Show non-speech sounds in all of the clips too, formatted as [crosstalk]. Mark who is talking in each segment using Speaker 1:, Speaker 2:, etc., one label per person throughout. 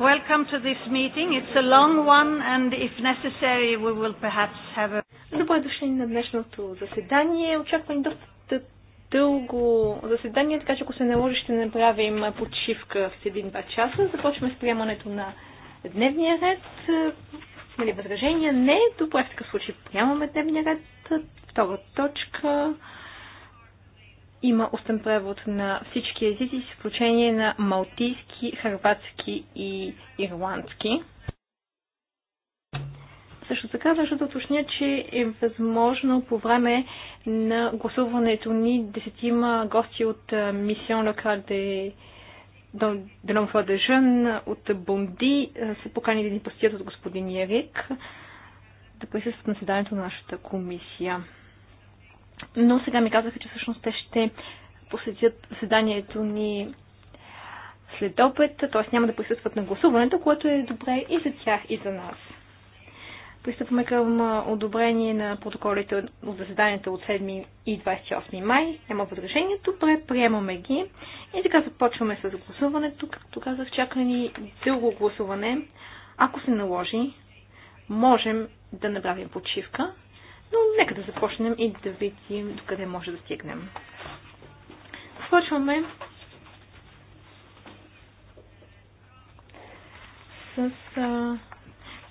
Speaker 1: Welcome to this meeting. It's a long one and if necessary we will perhaps have a... Добре дошли на днешното заседание. Очаквам доста дълго заседание, така че ако се наложи ще направим почивка в 1-2 часа. Започваме с приемането на дневния ред. Има ли възражения? Не. Добре, в такъв случай приемаме дневния ред. Втора точка има устен превод на всички езици, с изключение на малтийски, хрватски и ирландски. Също така, защото да уточня, че е възможно по време на гласуването ни десетима гости от Мисион Локал де Делом от Бонди са покани да ни посетят от господин Ерик да присъстват на седанието на нашата комисия но сега ми казаха, че всъщност те ще посетят заседанието ни след опит, т.е. няма да присъстват на гласуването, което е добре и за тях, и за нас. Пристъпваме към одобрение на протоколите от заседанията от 7 и 28 май. Няма възражение. Добре, приемаме ги. И така започваме с гласуването. Както казах, чака ни дълго гласуване. Ако се наложи, можем да направим почивка, но нека да започнем и да видим докъде може да стигнем. Започваме с а,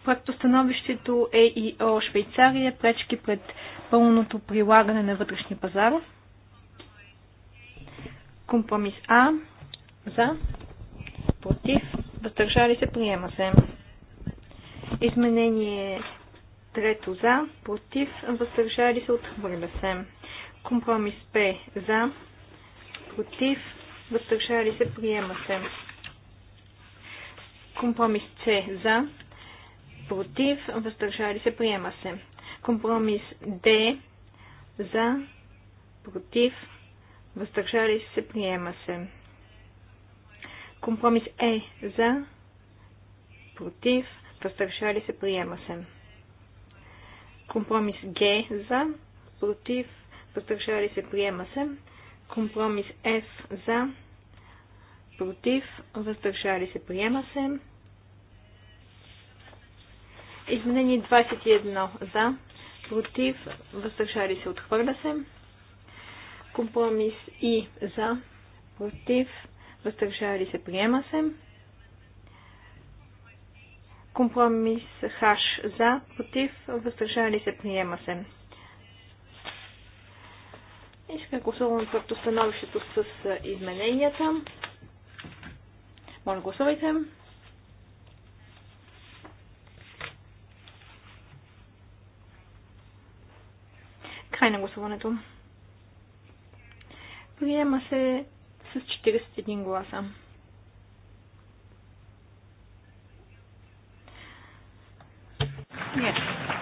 Speaker 1: проектостановището ЕИО Швейцария пречки пред пълното прилагане на вътрешния пазар. Компромис А. За. Против. Въздържали се. Приема се. Изменение Трето за, против, въздържали се, отхвърля се. Компромис П за, против, въздържали се, приема се. Компромис С за, против, въздържали се, приема се. Компромис Д за, против, въздържали се, приема се. Компромис Е за, против, въздържали се, приема се. Компромис Г за, против, въздържали се, приема се. Компромис F за, против, въздържали се, приема се. Изменение 21 за, против, въздържали се, отхвърля се. Компромис И за, против, въздържали се, приема се. Компромис хаш за, против, въздържали се, приема се. Искам сега гласуваме становището с измененията. Моля, гласувайте. Край на гласуването. Приема се с 41 гласа. Yes.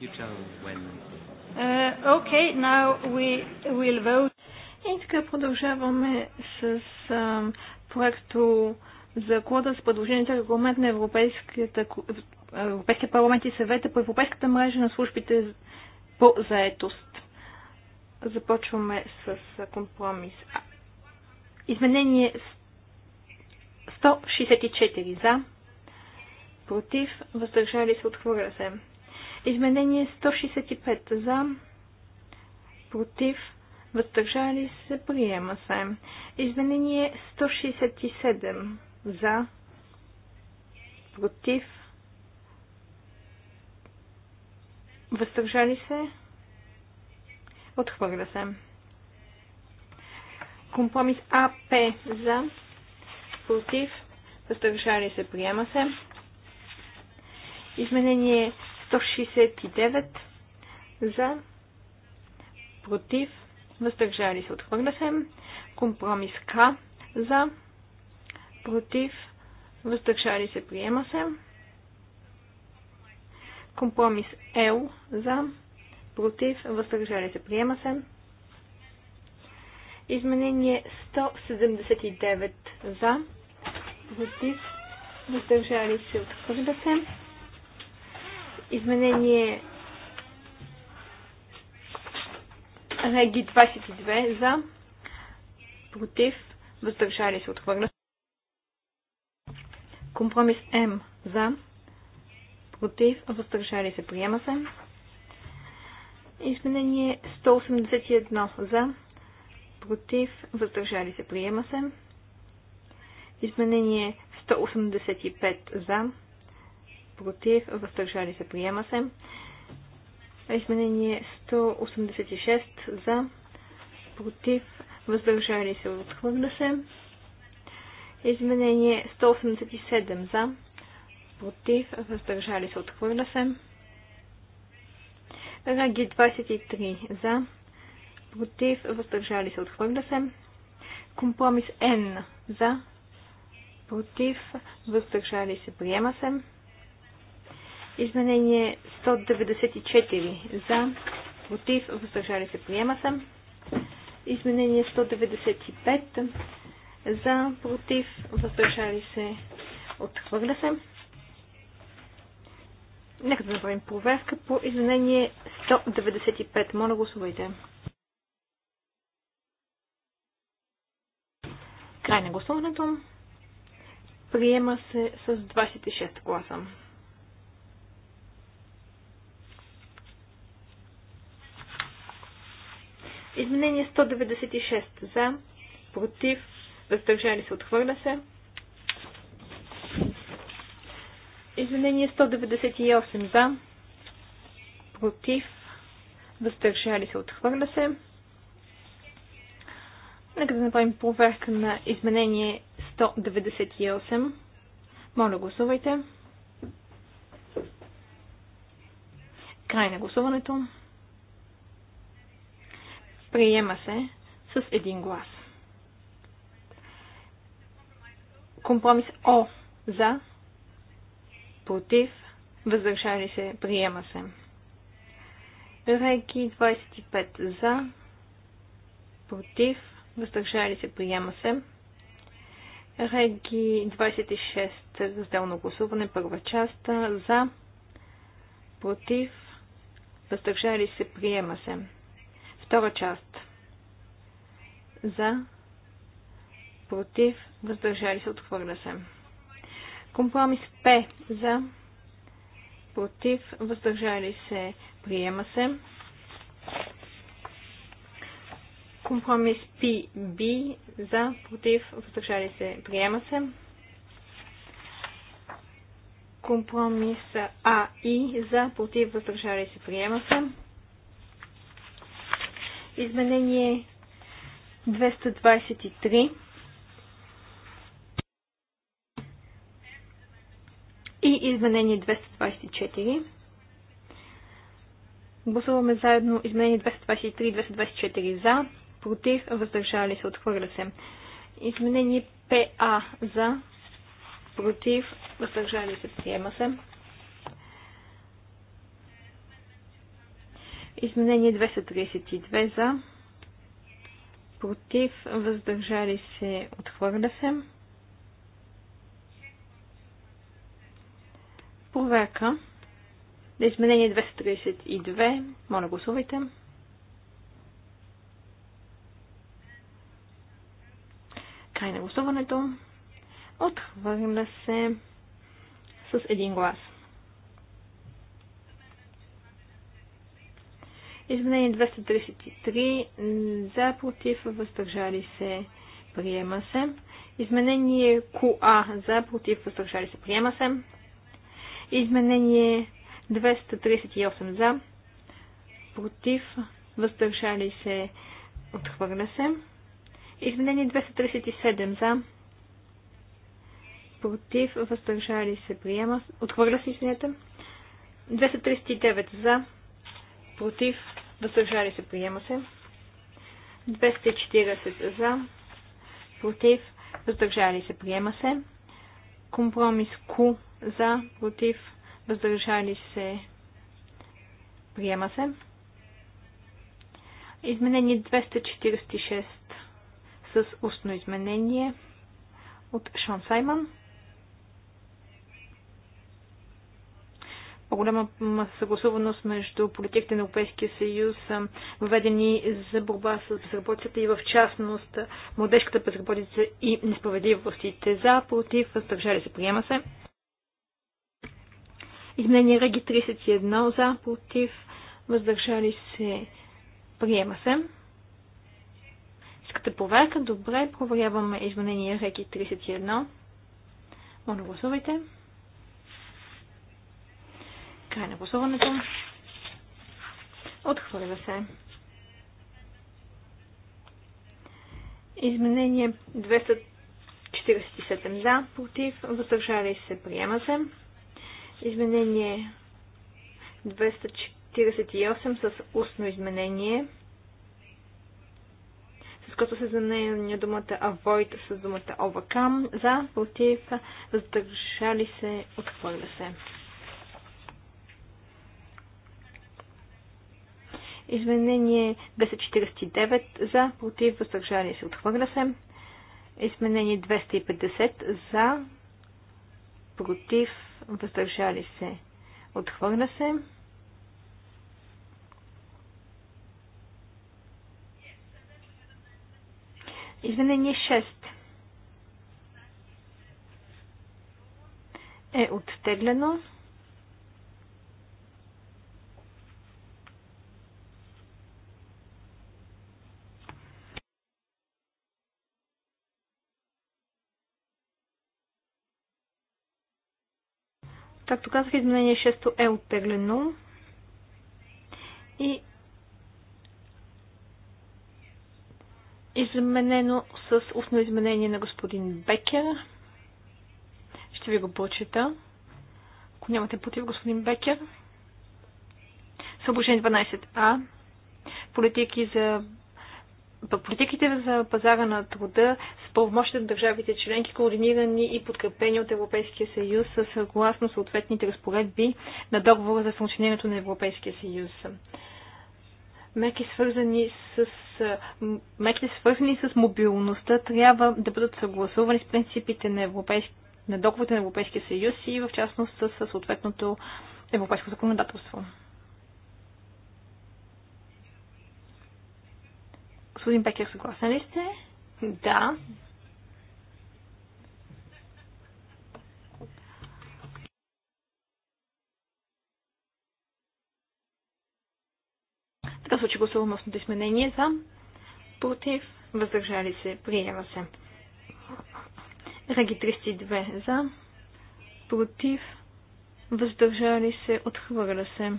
Speaker 2: Uh,
Speaker 1: okay, now we will vote. И така продължаваме с uh, проекто за кода с предложението регламент на Европейската, Европейския парламент и съвета по Европейската мрежа на службите по заетост. Започваме с компромис. Изменение 164 за, против, въздържали се, отхвърля се. Изменение 165 за, против, въздържали се, приема се. Изменение 167 за, против, въздържали се, отхвърля се. Компромис АП за, против, въздържали се, приема се. Изменение 169 за, против, въздържали се, отхвърля се. Компромис К за, против, въздържали се, приема се. Компромис Л за, против, въздържали се, приема се. Изменение 179 за, против, въздържали се, отхвърля се. Изменение Реги 22 за, против, въздържали се, отхвърля. Компромис М за, против, въздържали се, приема се. Изменение 181 за, против, въздържали се, приема се. Изменение 185 за, против, въздържали се, приема се. Изменение 186 за, против, въздържали се, отхвърля се. Изменение 187 за, против, въздържали се, отхвърля се. Раги 23 за, против, въздържали се, отхвърля се. Компромис Н за, против, въздържали се, приема се. Изменение 194 за, против, въздържали се, приема се. Изменение 195 за, против, въздържали се, отхвърля се. Нека да направим проверка по изменение 195. Моля, гласувайте. Край на гласуването. Приема се с 26 гласа. Изменение 196 за, против, въздържали се, отхвърля се. Изменение 198 за, против, въздържали се, отхвърля се. Нека да направим проверка на изменение 198. Моля, гласувайте. Край на гласуването. Приема се с един глас. Компромис О за, против, въздържали се, приема се. Реки 25 за, против, въздържали се, приема се. Реги 26, разделно гласуване, първа част, за, против, въздържали се, приема се. Втора част. За. Против. Въздържали се. Отхвърля се. Компромис П. За. Против. Въздържали се. Приема се. Компромис П. Б. За. Против. Въздържали се. Приема се. Компромис А. И. За. Против. Въздържали се. Приема се Изменение 223. И изменение 224. Гласуваме заедно изменение 223 и 224 за, против, въздържали се, отхвърля се. Изменение ПА за, против, въздържали се, приема се. Изменение 232 за. Против. Въздържали се. Отхвърля се. Проверка. На изменение 232. Моля, гласувайте. Край на гласуването. Отхвърля се с един глас. Изменение 233 за, против, въздържали се, приема се. Изменение КУА за, против, въздържали се, приема се. Изменение 238 за, против, въздържали се, отхвърля се. Изменение 237 за, против, въздържали се, приема, се, отхвърля се, извинете. 239 за, против, въздържали се, приема се. 240 за, против, въздържали се, приема се. Компромис Q за, против, въздържали се, приема се. Изменение 246 с устно изменение от Шон Саймон. по-голяма съгласуваност между политиките на Европейския съюз, въведени за борба с безработицата и в частност младежката безработица и несправедливостите. За, против, въздържали се, приема се. Изменение Реги 31 за, против, въздържали се, приема се. Искате проверка? Добре, проверяваме изменение Реги 31. Моля, гласувайте. Край на гласуването. Отхвърля се. Изменение 247 за, против, въздържали се, приема се. Изменение 248 с устно изменение, с което се заменя думата avoid с думата overcome, за, против, въздържали се, отхвърля се. Изменение 249 за, против, въздържали се, отхвърля се. Изменение 250 за, против, въздържали се, отхвърля се. Изменение 6 е оттеглено. Както казах, изменение 6 е оттеглено. И изменено с устно изменение на господин Бекер. Ще ви го прочита. Ако нямате против, господин Бекер. Съображение 12а. Политики за Политиките за пазара на труда правомощите на държавите членки, координирани и подкрепени от Европейския съюз, съгласно съответните разпоредби на договора за функционирането на Европейския съюз. Меки свързани с, меки свързани с мобилността трябва да бъдат съгласувани с принципите на, европейски, на договорите на Европейския съюз и в частност с съответното европейско законодателство. Господин Бекер, съгласен ли сте? Да, Така случай гласувам основното изменение за, против, въздържали се, приема се. Реги 32 за, против, въздържали се, отхвърля се.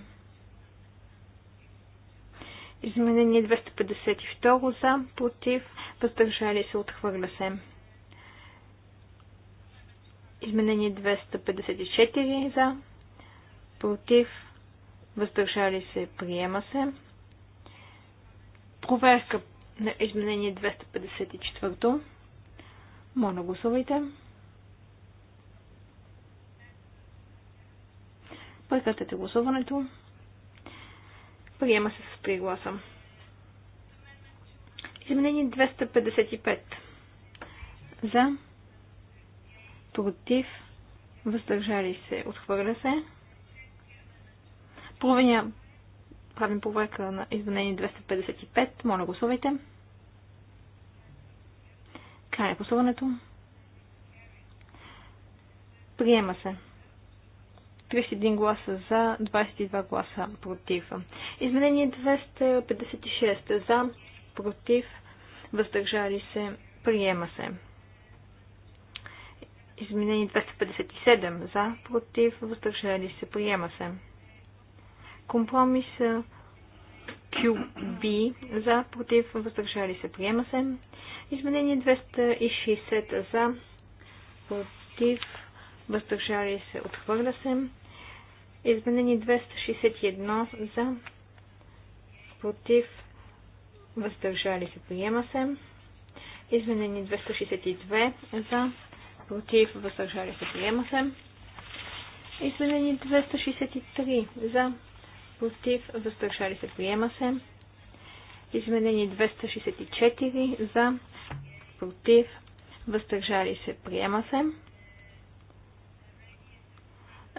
Speaker 1: Изменение 252 за, против, въздържали се, отхвърля се. Изменение 254 за, против, въздържали се, приема се. Проверка на изменение 254. Моля, гласувайте. Прекратете гласуването. Приема се с пригласа. гласа. Изменение 255. За. Против. Въздържали се. Отхвърля се. Провеня правим проверка на изменение 255. Моля, гласувайте. Край на гласуването. Приема се. 31 гласа за, 22 гласа против. Изменение 256 за, против, въздържали се, приема се. Изменение 257 за, против, въздържали се, приема се. Компромис QB за, против, въздържали се, приема се. Изменение 260 за, против, въздържали се, отхвърля се. Изменение 261 за, против, въздържали се, приема се. Изменение 262 за, против, въздържали се, приема се. Изменение 263 за, против, въздържали се, приема се. Изменение 264 за, против, въздържали се, приема се.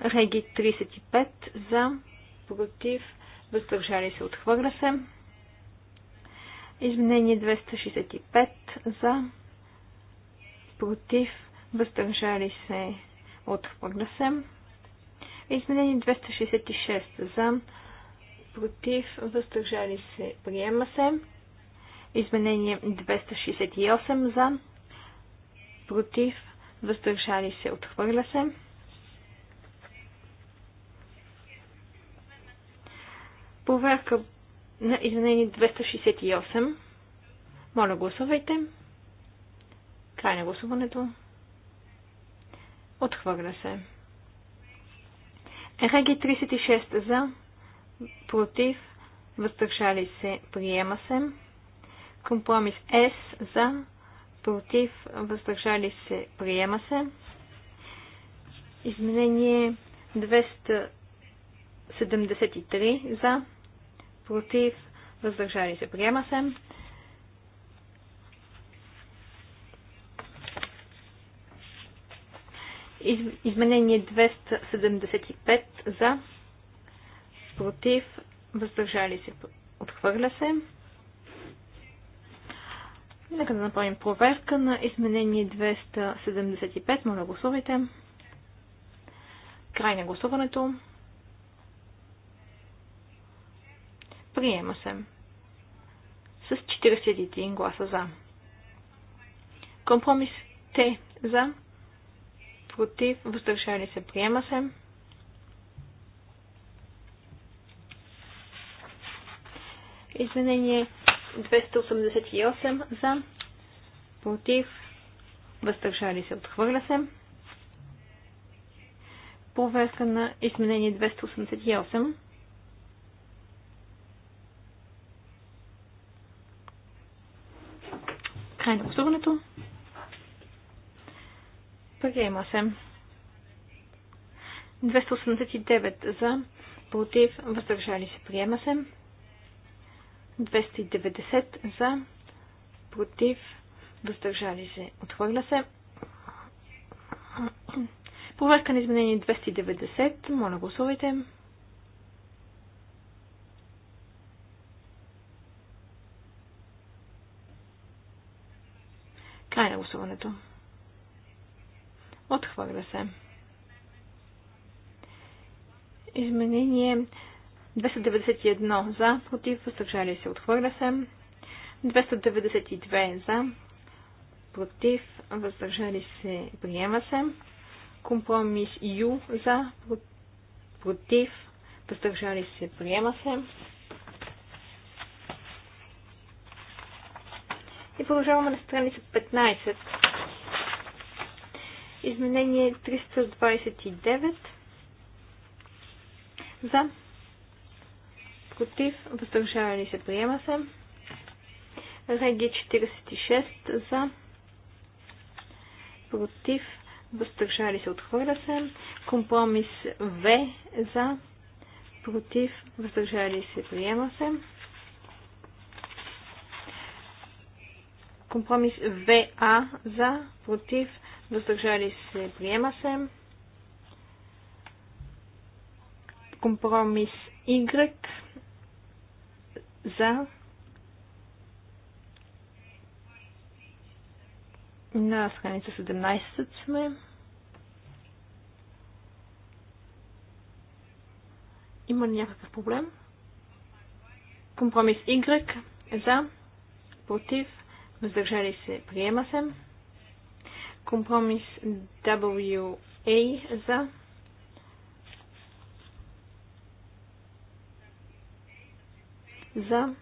Speaker 1: Реги 35 за, против, въздържали се, отхвърля се. Изменение 265 за, против, въздържали се, отхвърля се. Изменение 266 за, против, въздържали се, приема се. Изменение 268 за, против, въздържали се, отхвърля се. Проверка на изменение 268. Моля, гласувайте. Край на гласуването. Отхвърля се. Реги 36 за против, въздържали се, приема се. Компромис С за, против, въздържали се, приема се. Изменение 273 за, против, въздържали се, приема се. Изменение 275 за, против, въздържали се, отхвърля се. Нека да направим проверка на изменение 275. Моля, гласувайте. Край на гласуването. Приема се. С 41 гласа за. Компромис Т за. Против. Въздържали се. Приема се. Изменение 288 за, против, въздържали се, отхвърля се. Проверка на изменение 288. Край на гласуването. Приема се. 289 за, против, въздържали се, приема се. 290 за, против, въздържали се, отхвърля се. Проверка на изменение 290. Моля, гласувайте. Край на гласуването. Отхвърля се. Изменение 291 за, против, въздържали се, отхвърля се. 292 за, против, въздържали се, приема се. Компромис Ю за, против, въздържали се, приема се. И продължаваме на страница 15. Изменение 329 за против, въздържали се, приема се. Реги 46 за, против, въздържали се, отхвърля се. Компромис В за, против, въздържали се, приема се. Компромис ВА за, против, въздържали се, приема се. Компромис Y за на страница 17 сме. Има ли някакъв проблем? Компромис Y за, против, въздържали се, приема се. Компромис WA за, за,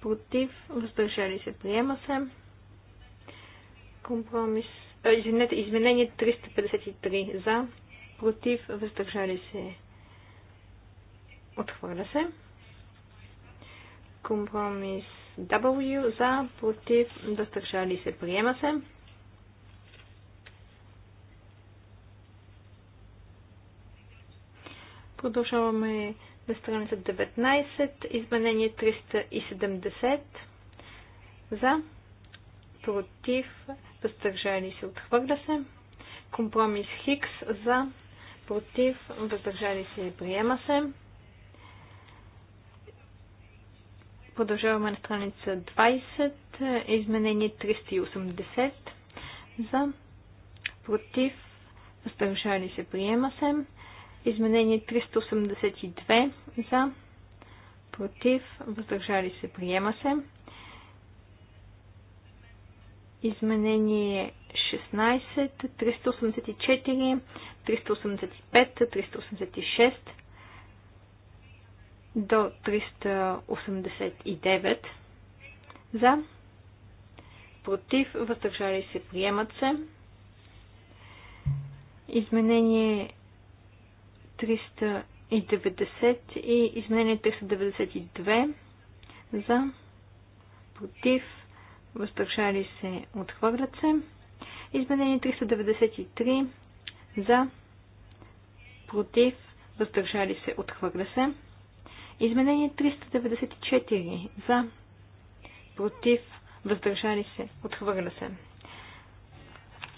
Speaker 1: против, въздържали се, приема се. Компромис, извинете, изменение 353 за, против, въздържали се, отхвърля се. Компромис W за, против, въздържали се, приема се. Продължаваме на страница 19, изменение 370 за, против, въздържали се, отхвърля се. Компромис Хикс за, против, въздържали се, приема се. Продължаваме на страница 20, изменение 380 за, против, въздържали се, приема се. Изменение 382 за, против, въздържали се, приема се. Изменение 16, 384, 385, 386 до 389 за, против, въздържали се, приемат се. Изменение 390 и изменение 392 за, против, въздържали се, отхвърлят се. Изменение 393 за, против, въздържали се, отхвърля се. Изменение 394 за, против, въздържали се, отхвърля се.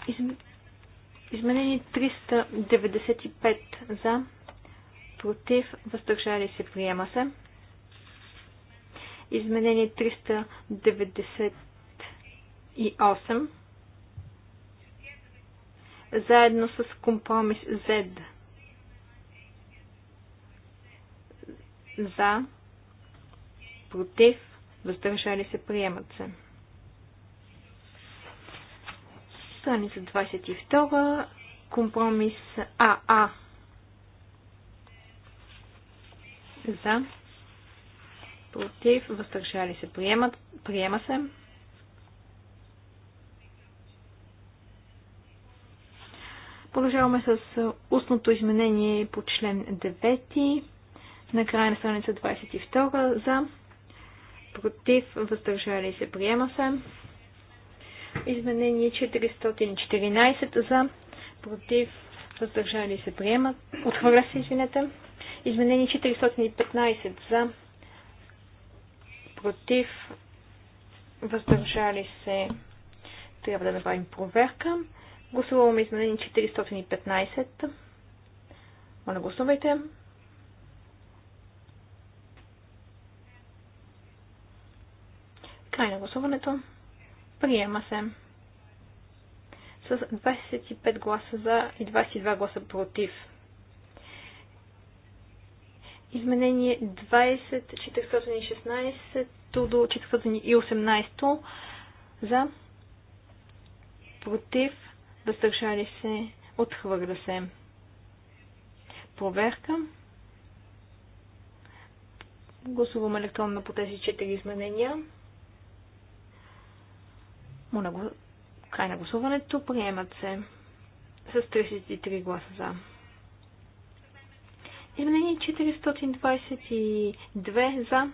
Speaker 1: Изм... Изменени 395 за, против, въздържали се, приема се. Изменени 398 заедно с компромис Z. За, против, въздържали се, приемат се. Страница 22. Компромис АА. За. Против. Въздържали се. Приемат. Приема се. Продължаваме с устното изменение по член 9. На края на страница 22. За. Против. Въздържали се. Приема се. Изменение 414 за, против, въздържали се, приема. Отхвърля се, извинете. Изменение 415 за, против, въздържали се, трябва да направим проверка. Гласуваме изменение 415. Моля, гласувайте. Край на гласуването. Приема се. С 25 гласа за и 22 гласа против. Изменение 20, 416 до 418 за против, въздържали се, отхвърля се. Проверка. Гласувам електронно по тези 4 изменения. Моля, го... край на гласуването. Приемат се с 33 гласа за. Изменение 422 за,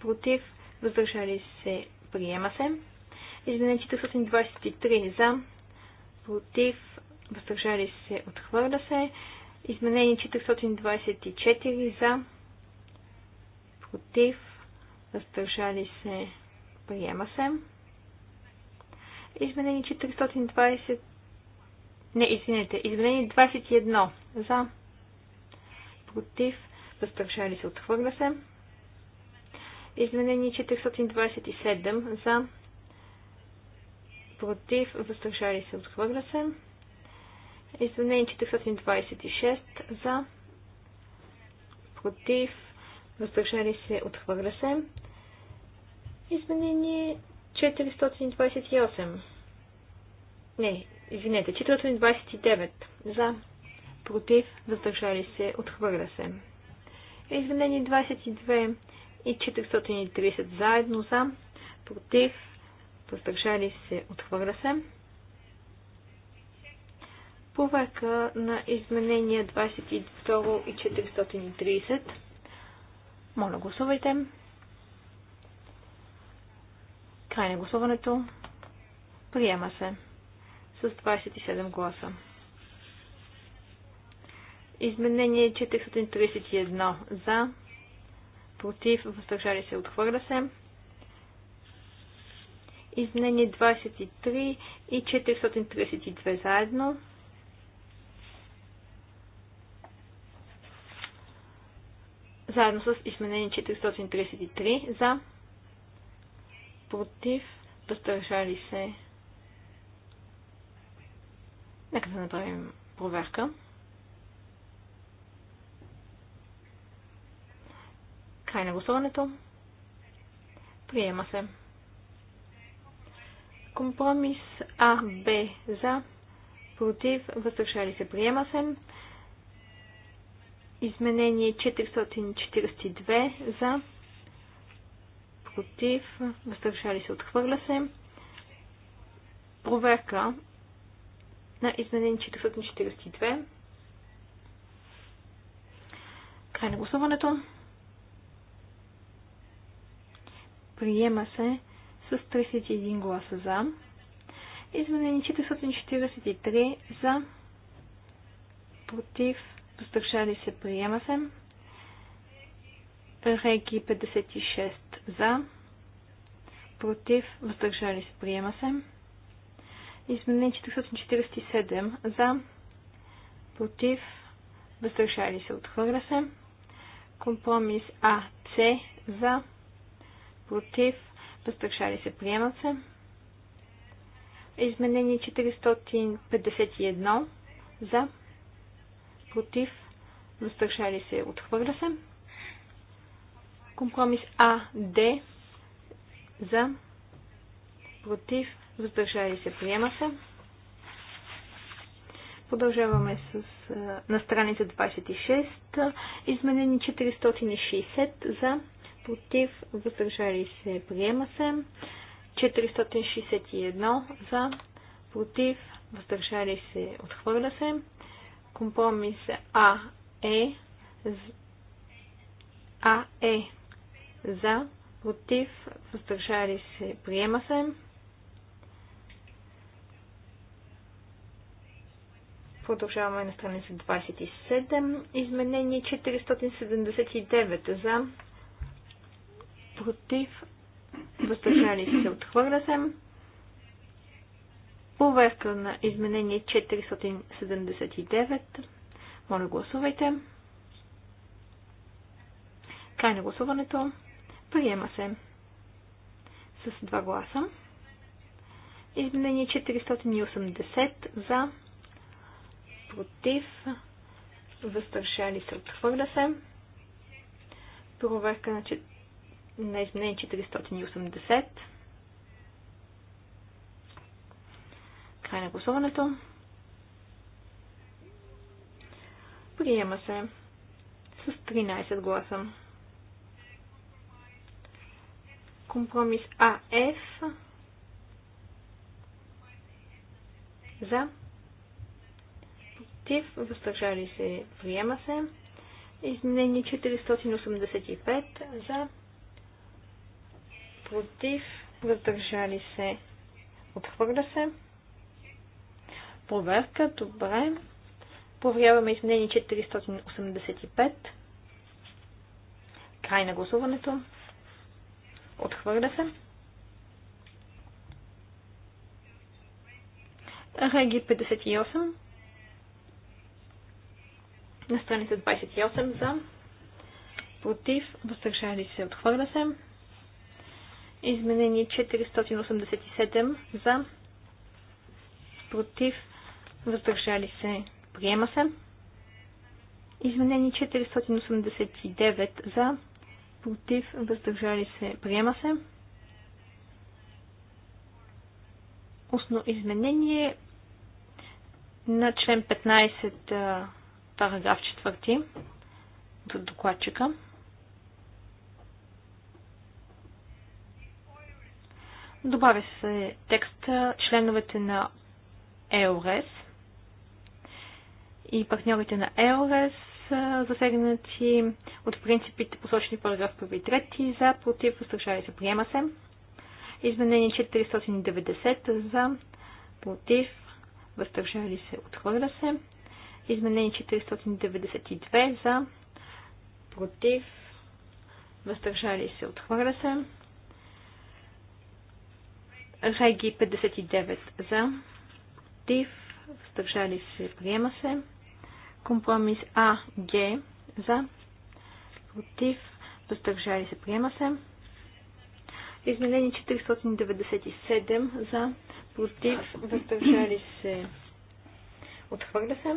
Speaker 1: против, въздържали се, приема се. Изменение 423 за, против, въздържали се, отхвърля се. Изменение 424 за, против, въздържали се, приема се. Изменени 420. Не, извинете. изменени 21. За. Против. Въздържали се. Отхвърля се. Изменени 427. За. Против. Въздържали се. Отхвърля се. Изменени 426. За. Против. Въздържали се. Отхвърля се. Изменение 428. Не, извинете, 429. За, против, въздържали се, отхвърля се. Извинени 22 и 430 заедно за, против, въздържали се, отхвърля се. Повека на изменения 22 и 430. Моля, гласувайте. Край на гласуването. Приема се с 27 гласа. Изменение 431 за, против, въздържали се, отхвърля се. Изменение 23 и 432 заедно. Заедно с изменение 433 за, против, въздържали се. Нека да направим проверка. Край на гласуването. Приема се. Компромис А, Б за, против, въздържали се, приема се. Изменение 442 за, против, въздържали се, отхвърля се. Проверка на изменение 442. Край на гласуването. Приема се с 31 гласа за. Изменение 443 за. Против. Въздържали се. Приема се. Реги 56 за. Против. Въздържали се. Приема се. Изменение 447 за. Против. Въздържали се. Отхвърля се. Компромис АЦ за. Против. Въздържали се. Приема се. Изменение 451 за. Против. Въздържали се. Отхвърля се. Компромис А, Д, за, против, въздържали се, приема се. Продължаваме с, на страница 26, изменени 460 за, против, въздържали се, приема се. 461 за, против, въздържали се, отхвърля се. Компромис А е, А е за, против, въздържали се, приема се. Продължаваме на страница 27. Изменение 479 за, против, въздържали се, отхвърля се. Поверка на изменение 479. Моля гласувайте. Край на гласуването. Приема се с два гласа. Изменение 480 за, против, въздържали се, отхвърля се. Проверка на, на изменение 480. Край на гласуването. Приема се с 13 гласа. Компромис АФ. За. Против. Въздържали се. Приема се. Изменение 485. За. Против. Въздържали се. Отхвърля се. Проверка. Добре. Проверяваме изменение 485. Край на гласуването. Отхвърля се. Реги 58. На страница 28 за. Против. Въздържали се. Отхвърля се. Изменение 487 за. Против. Въздържали се. Приема се. Изменение 489 за против, въздържали се, приема се. Устно изменение на член 15, параграф 4 от докладчика. Добавя се текста членовете на ЕОРЕС и партньорите на ЕОРЕС са засегнати от принципите посочени параграф 1 3 за, против, въздържали се, приема се. Изменение 490 за, против, въздържали се, отхвърля се. Изменение 492 за, против, въздържали се, отхвърля се. Реги 59 за, против, въздържали се, приема се. Компромис А, Г за, против, въздържали се, приема се. Изменение 497 за, против, въздържали се, отхвърля се.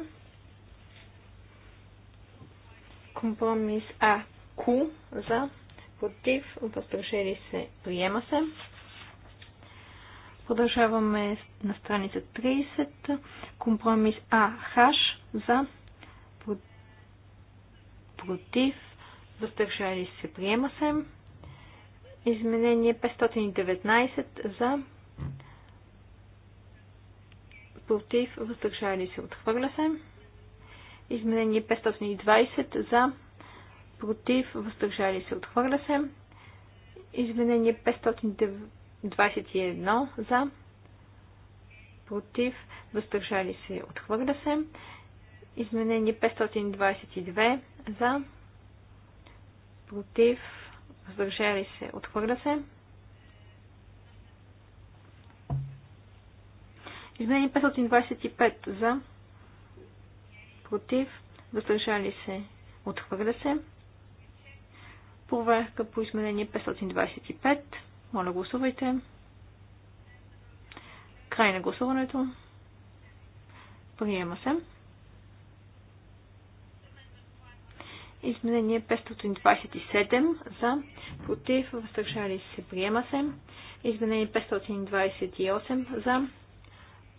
Speaker 1: Компромис А, Q за, против, въздържали се, приема се. Продължаваме на страница 30. Компромис А, Х за, против, въздържали се, приема се. Изменение 519 за, против, въздържали се, отхвърля се. Изменение 520 за, против, въздържали се, отхвърля се. Изменение 521 за, против, въздържали се, отхвърля се. Изменение 522 за, против, въздържали се, отхвърля се. Изменение 525 за, против, въздържали се, отхвърля се. Проверка по изменение 525. Моля гласувайте. Край на гласуването. Приема се. Изменение 527 за, против, въздържали се, приема се. Изменение 528 за,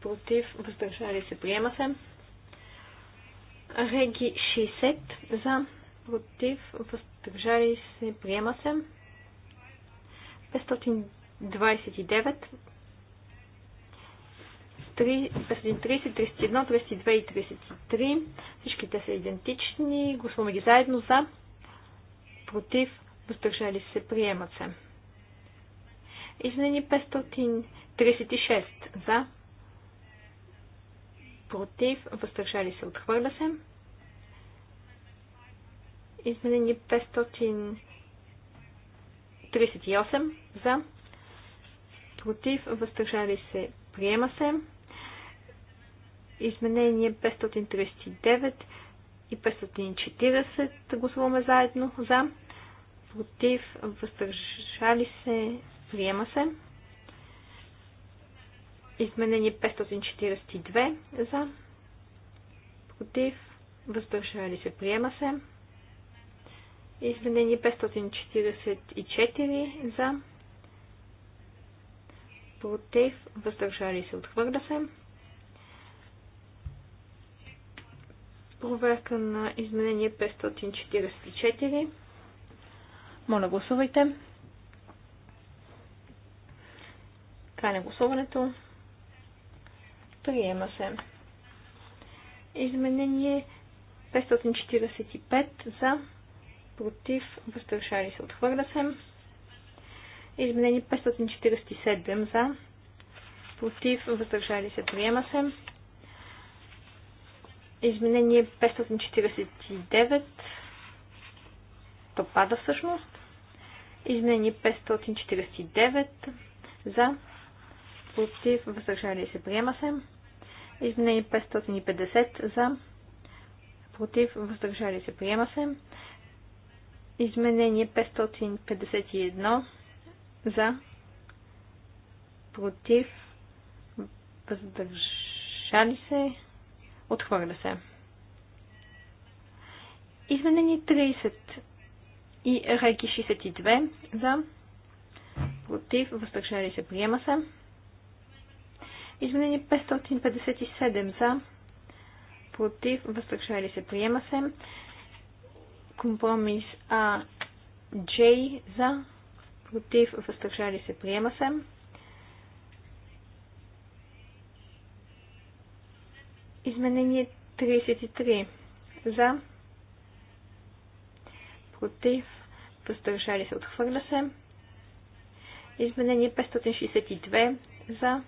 Speaker 1: против, въздържали се, приема се. Реги 60 за, против, въздържали се, приема се. 529 330, 331, и 33, Всички те са идентични. Гласуваме ги заедно за, против, въздържали се, приемат се. Изменени 536 за, против, въздържали се, отхвърля се. Изменени 538 за, против, въздържали се, приема се. Изменение 539 и 540 гласуваме заедно за, против, въздържали се, приема се. Изменение 542 за, против, въздържали се, приема се. Изменение 544 за, против, въздържали се, отхвърля се. Проверка на изменение 544. Моля, гласувайте. Край на гласуването. Приема се. Изменение 545 за, против, въздържали се, отхвърля се. Изменение 547 за, против, въздържали се, приема се. Изменение 549. То пада всъщност. Изменение 549. За. Против. Въздържали се. Приема се. Изменение 550. За. Против. Въздържали се. Приема се. Изменение 551. За. Против. Въздържали се. Отхвърля се. Изменени 30 и реки 62 за. Против. Въздържали се. Приема се. Изменени 557 за. Против. Въздържали се. Приема се. Компромис А. J за. Против. Въздържали се. Приема се. Изменение 33. За. Против. Въздържали се. Отхвърля се. Изменение 562. За.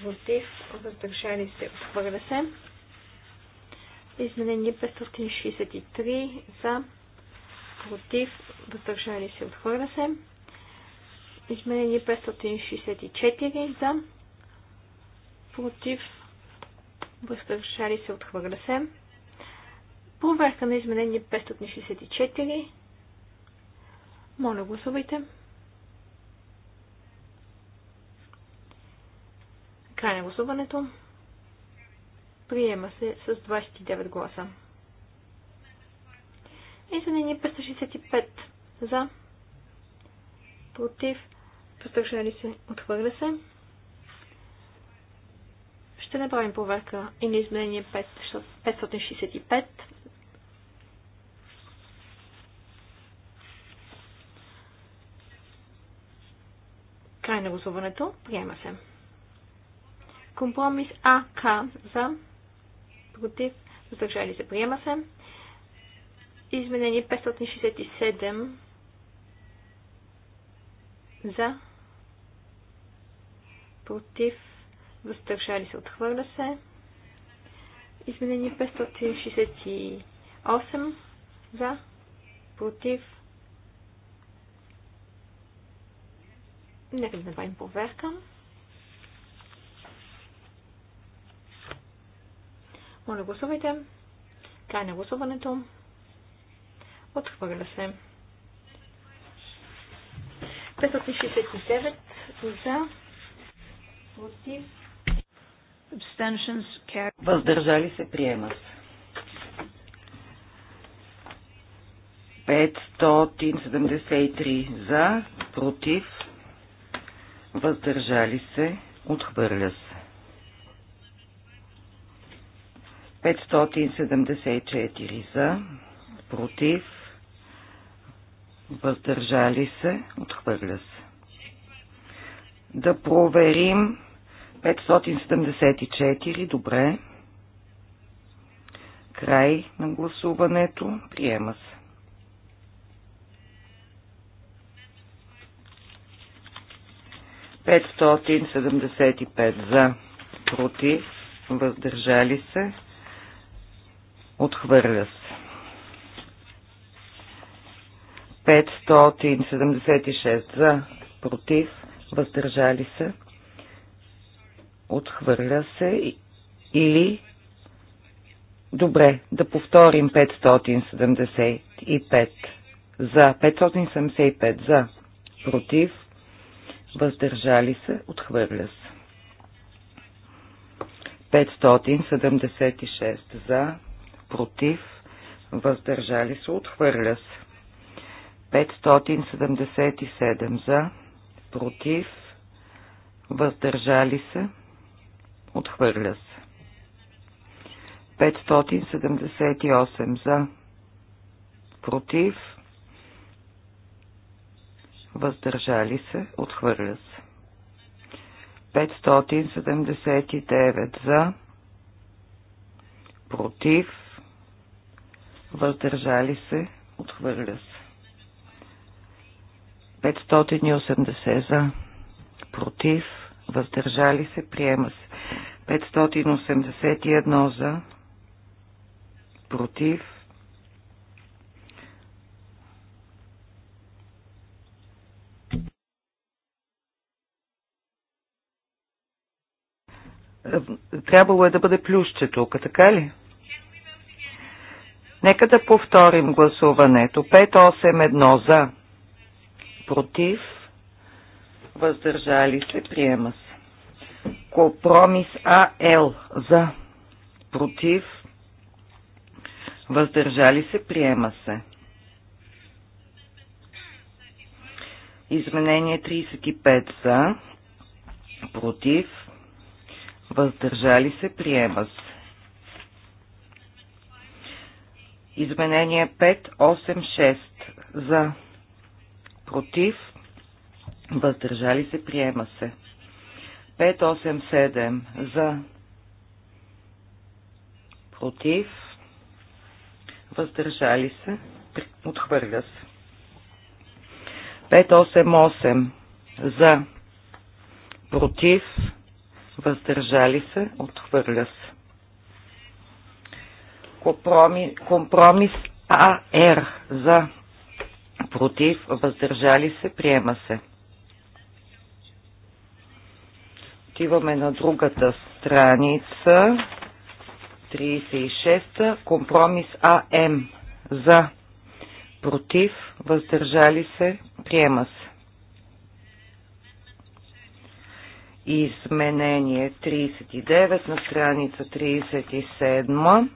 Speaker 1: Против. Въздържали се. Отхвърля се. Изменение 563. За. Против. Въздържали се. Отхвърля се. Изменение 564. За. Против Възпрещали се, отхвърля се. Проверка на изменение 564. Моля, гласувайте. Край на гласуването. Приема се с 29 гласа. Изменение 565 за, против, въздържали се, отхвърля се. Ще направим проверка и на изменение 565. Край на гласуването. Приема се. Компромис АК за против. Задържали се. Приема се. Изменение 567 за против въздържали се, отхвърля се. Изменение 568 за, против. Нека да направим проверка. Моля, гласувайте. Край на гласуването. Отхвърля се. 569 за, против
Speaker 3: Въздържали се приема се. 573 за, против, въздържали се, отхвърля се. 574 за, против, въздържали се, отхвърля се. Да проверим 574, добре. Край на гласуването. Приема се. Петстотин за, против, въздържали се, отхвърля се. 576 за, против, въздържали се, Отхвърля се или... Добре, да повторим 575. За 575 за. Против. Въздържали се. Отхвърля се. 576 за. Против. Въздържали се. Отхвърля се. 577 за. Против. Въздържали се. Отхвърля се. 578 за. Против. Въздържали се. Отхвърля се. 579 за. Против. Въздържали се. Отхвърля се. 580 за. Против. Въздържали се. Приема се. 581 за, против, Трябвало е да бъде плюсче тук, така ли? Нека да повторим гласуването. 581 за, против, въздържали се, приема се. Компромис АЛ за против въздържали се приема се. Изменение 35 за против въздържали се приема се. Изменение 586 за против въздържали се приема се. 587 за против въздържали се отхвърля се 588 за против въздържали се отхвърля се компромис, компромис АР за против въздържали се приема се Отиваме на другата страница. 36-та. Компромис АМ. За. Против. Въздържали се. Приема се. Изменение 39 на страница 37.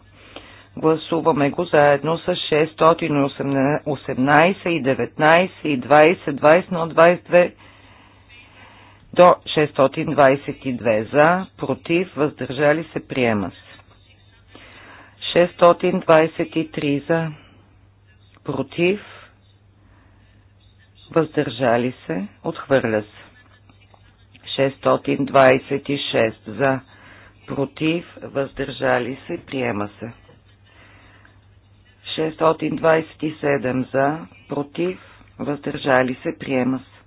Speaker 3: Гласуваме го заедно с 618 и 19 и 20, 21, 22, до 622 за, против, въздържали се, приема се. 623 за, против, въздържали се, отхвърля се. 626 за, против, въздържали се, приема се. 627 за, против, въздържали се, приема се.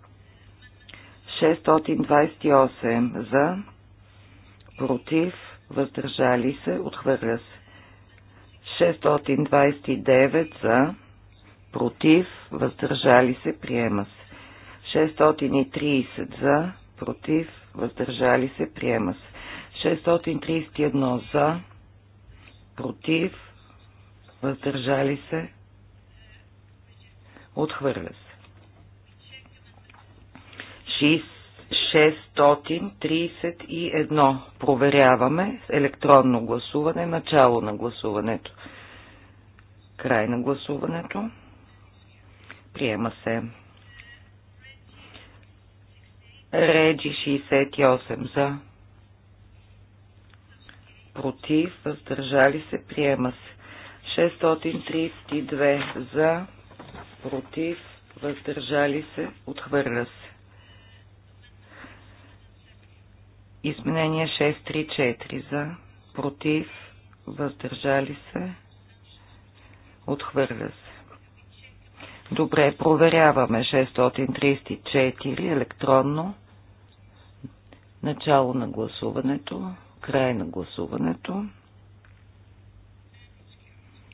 Speaker 3: 628 за, против, въздържали се, отхвърля се. 629 за, против, въздържали се, приема се. 630 за, против, въздържали се, приема се. 631 за, против, въздържали се, отхвърля се. 631. Проверяваме електронно гласуване, начало на гласуването. Край на гласуването. Приема се. Реджи 68 за. Против, въздържали се, приема се. 632 за. Против, въздържали се, отхвърля се. Изменение 634 за, против, въздържали се, отхвърля се. Добре, проверяваме 634 електронно. Начало на гласуването, край на гласуването.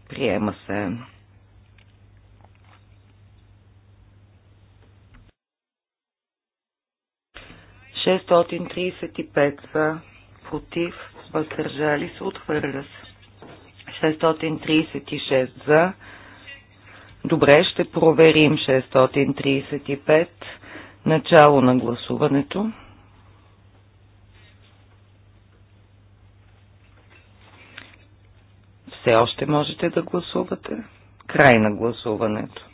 Speaker 3: Приема се. 635 за, против, въздържали се, отхвърля се. 636 за. Добре, ще проверим 635. Начало на гласуването. Все още можете да гласувате. Край на гласуването.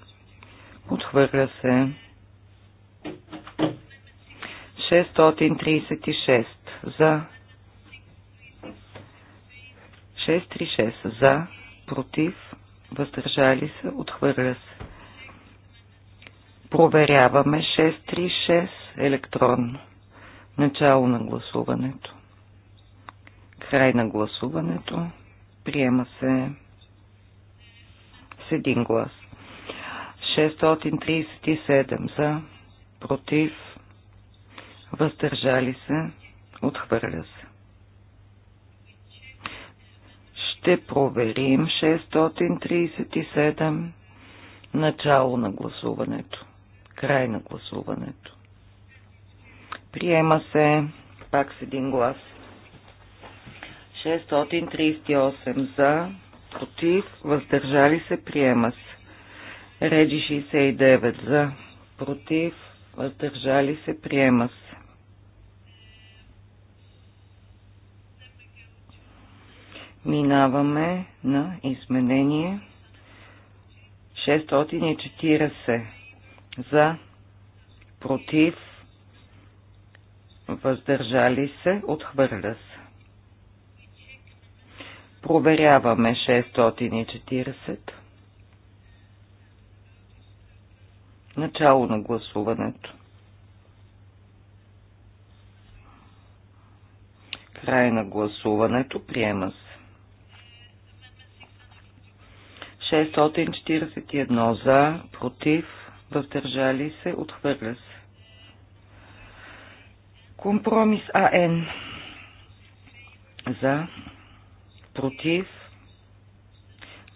Speaker 3: Отхвърля се. 636 за 636 за, против, въздържали се, отхвърля се. Проверяваме 636 електронно. Начало на гласуването. Край на гласуването. Приема се с един глас. 637 за, против, въздържали се, отхвърля се. Ще проверим 637 начало на гласуването, край на гласуването. Приема се пак с един глас. 638 за, против, въздържали се, приема се. Реджи 69 за, против, въздържали се, приема се. Минаваме на изменение 640 за против въздържали се, отхвърля се. Проверяваме 640. Начало на гласуването. Край на гласуването приема се. 641 за, против, въздържали се, отхвърля се. Компромис АН за, против,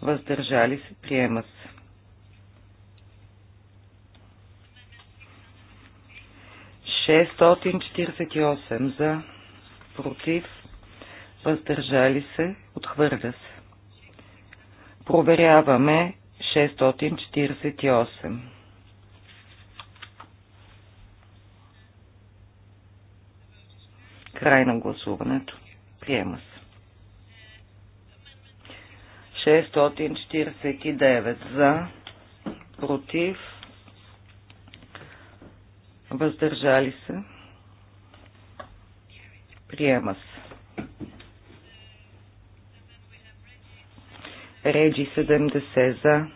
Speaker 3: въздържали се, приема се. Шестстотин за, против, въздържали се, отхвърля се. Проверяваме 648. Край на гласуването. Приема се. 649 за, против, въздържали се, приема се. Реджи 70 за.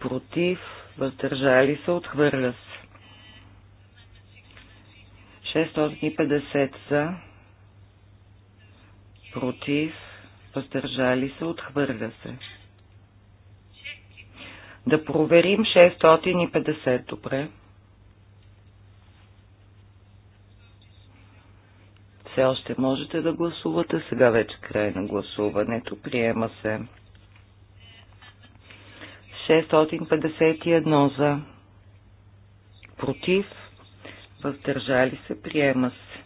Speaker 3: Против. Въздържали се. Отхвърля се. 650 за. Против. Въздържали се. Отхвърля се. Да проверим 650. Добре. все още можете да гласувате. Сега вече край на гласуването. Приема се. 651 за. Против. Въздържали се. Приема се.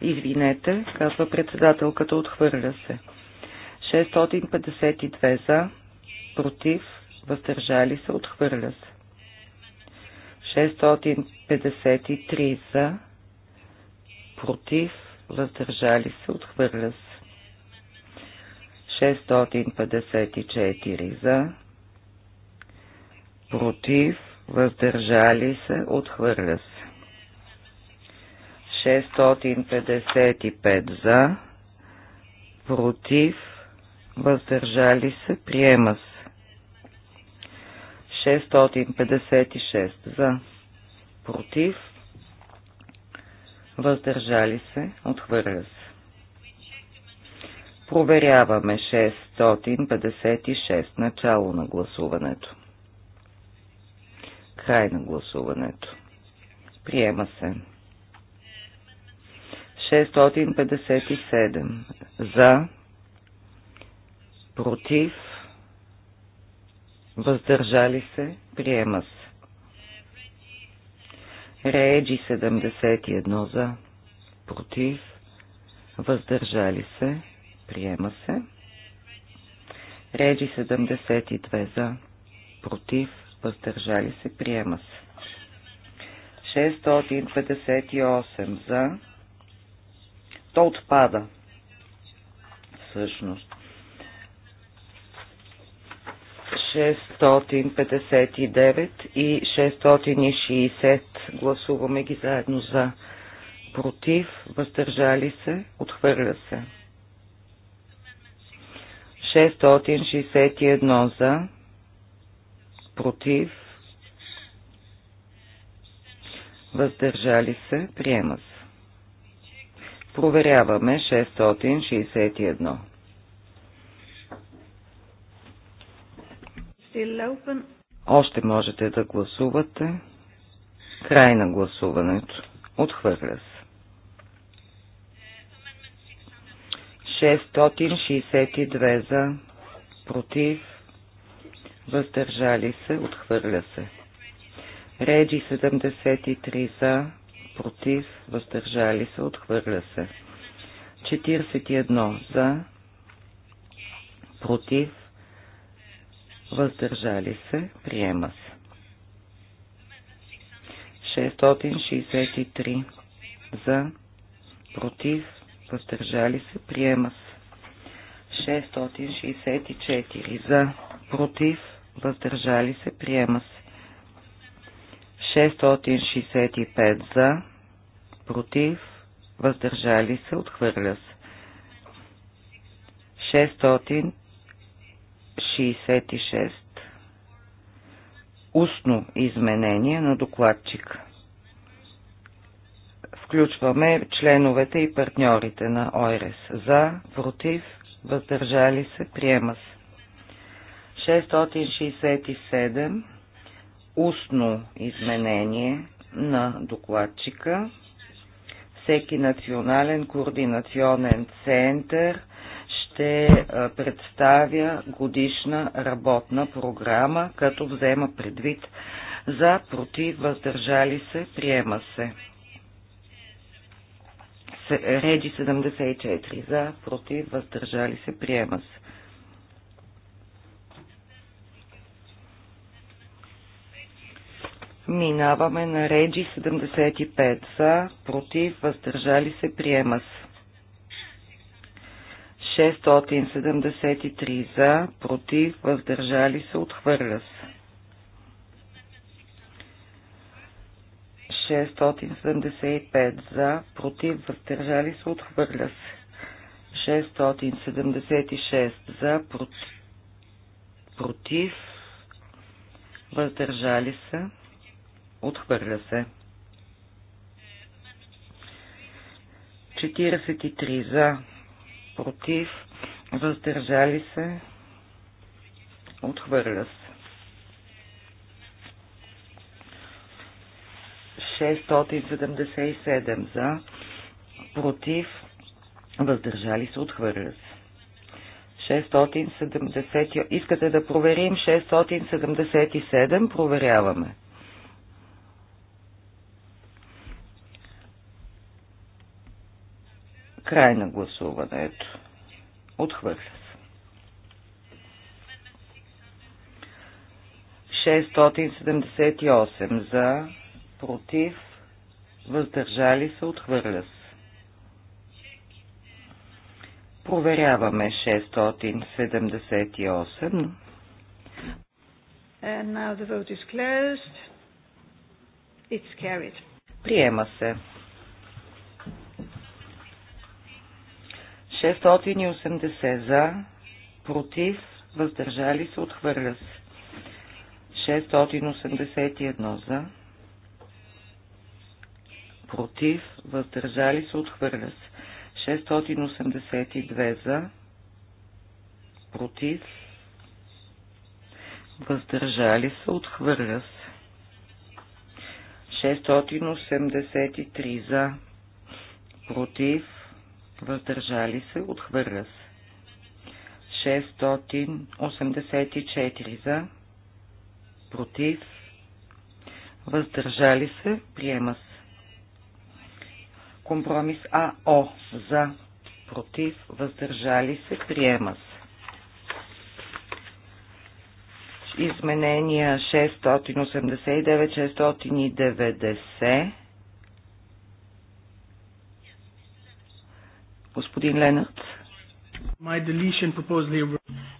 Speaker 3: Извинете, казва председателката, отхвърля се. 652 за. Против. Въздържали се. Отхвърля се. 653 за, против, въздържали се, отхвърля се. 654 за, против, въздържали се, отхвърля се. 655 за, против, въздържали се, приема се. 656 за, против, въздържали се, отхвърля се. Проверяваме 656 начало на гласуването. Край на гласуването. Приема се. 657 за, против, въздържали се, приема се. Реджи 71 за, против, въздържали се, приема се. Реджи 72 за, против, въздържали се, приема се. 658 за, то отпада всъщност. 659 и 660. Гласуваме ги заедно за против, въздържали се, отхвърля се. 661 за против, въздържали се, приема се. Проверяваме 661. Още можете да гласувате. Край на гласуването. Отхвърля се. 662 за, против, въздържали се, отхвърля се. Реджи 73 за, против, въздържали се, отхвърля се. 41 за, против, въздържали се, приема се. 663 за, против, въздържали се, приема се. 664 за, против, въздържали се, приема се. 665 за, против, въздържали се, отхвърля се. 66. Устно изменение на докладчика. Включваме членовете и партньорите на ОРС. За, против, въздържали се, приема се. 667. Устно изменение на докладчика всеки национален координационен център ще представя годишна работна програма, като взема предвид за, против, въздържали се, приема се. Реди 74 за, против, въздържали се, приема се. Минаваме на Реджи 75 за, против, въздържали се, приема се. 673 за, против, въздържали се, отхвърля се. 675 за, против, въздържали се, отхвърля се. 676 за, против, въздържали се, отхвърля се. 43 за, против, въздържали се, отхвърля се. 677 за, против, въздържали се, отхвърля се. 670, искате да проверим 677, проверяваме. Край на гласуването. Отхвърля се. 678 за, против, въздържали се, отхвърля се. Проверяваме 678. And now the vote is closed.
Speaker 1: It's carried.
Speaker 3: Приема се. 680 за, против, въздържали се, отхвърля се. 681 за, против, въздържали се, отхвърля се. 682 за, против, въздържали се, отхвърля се. 683 за, против, въздържали се, отхвърля се. 684 за, против, въздържали се, приема се. Компромис АО за, против, въздържали се, приема се. Изменения 689-690 господин Ленард.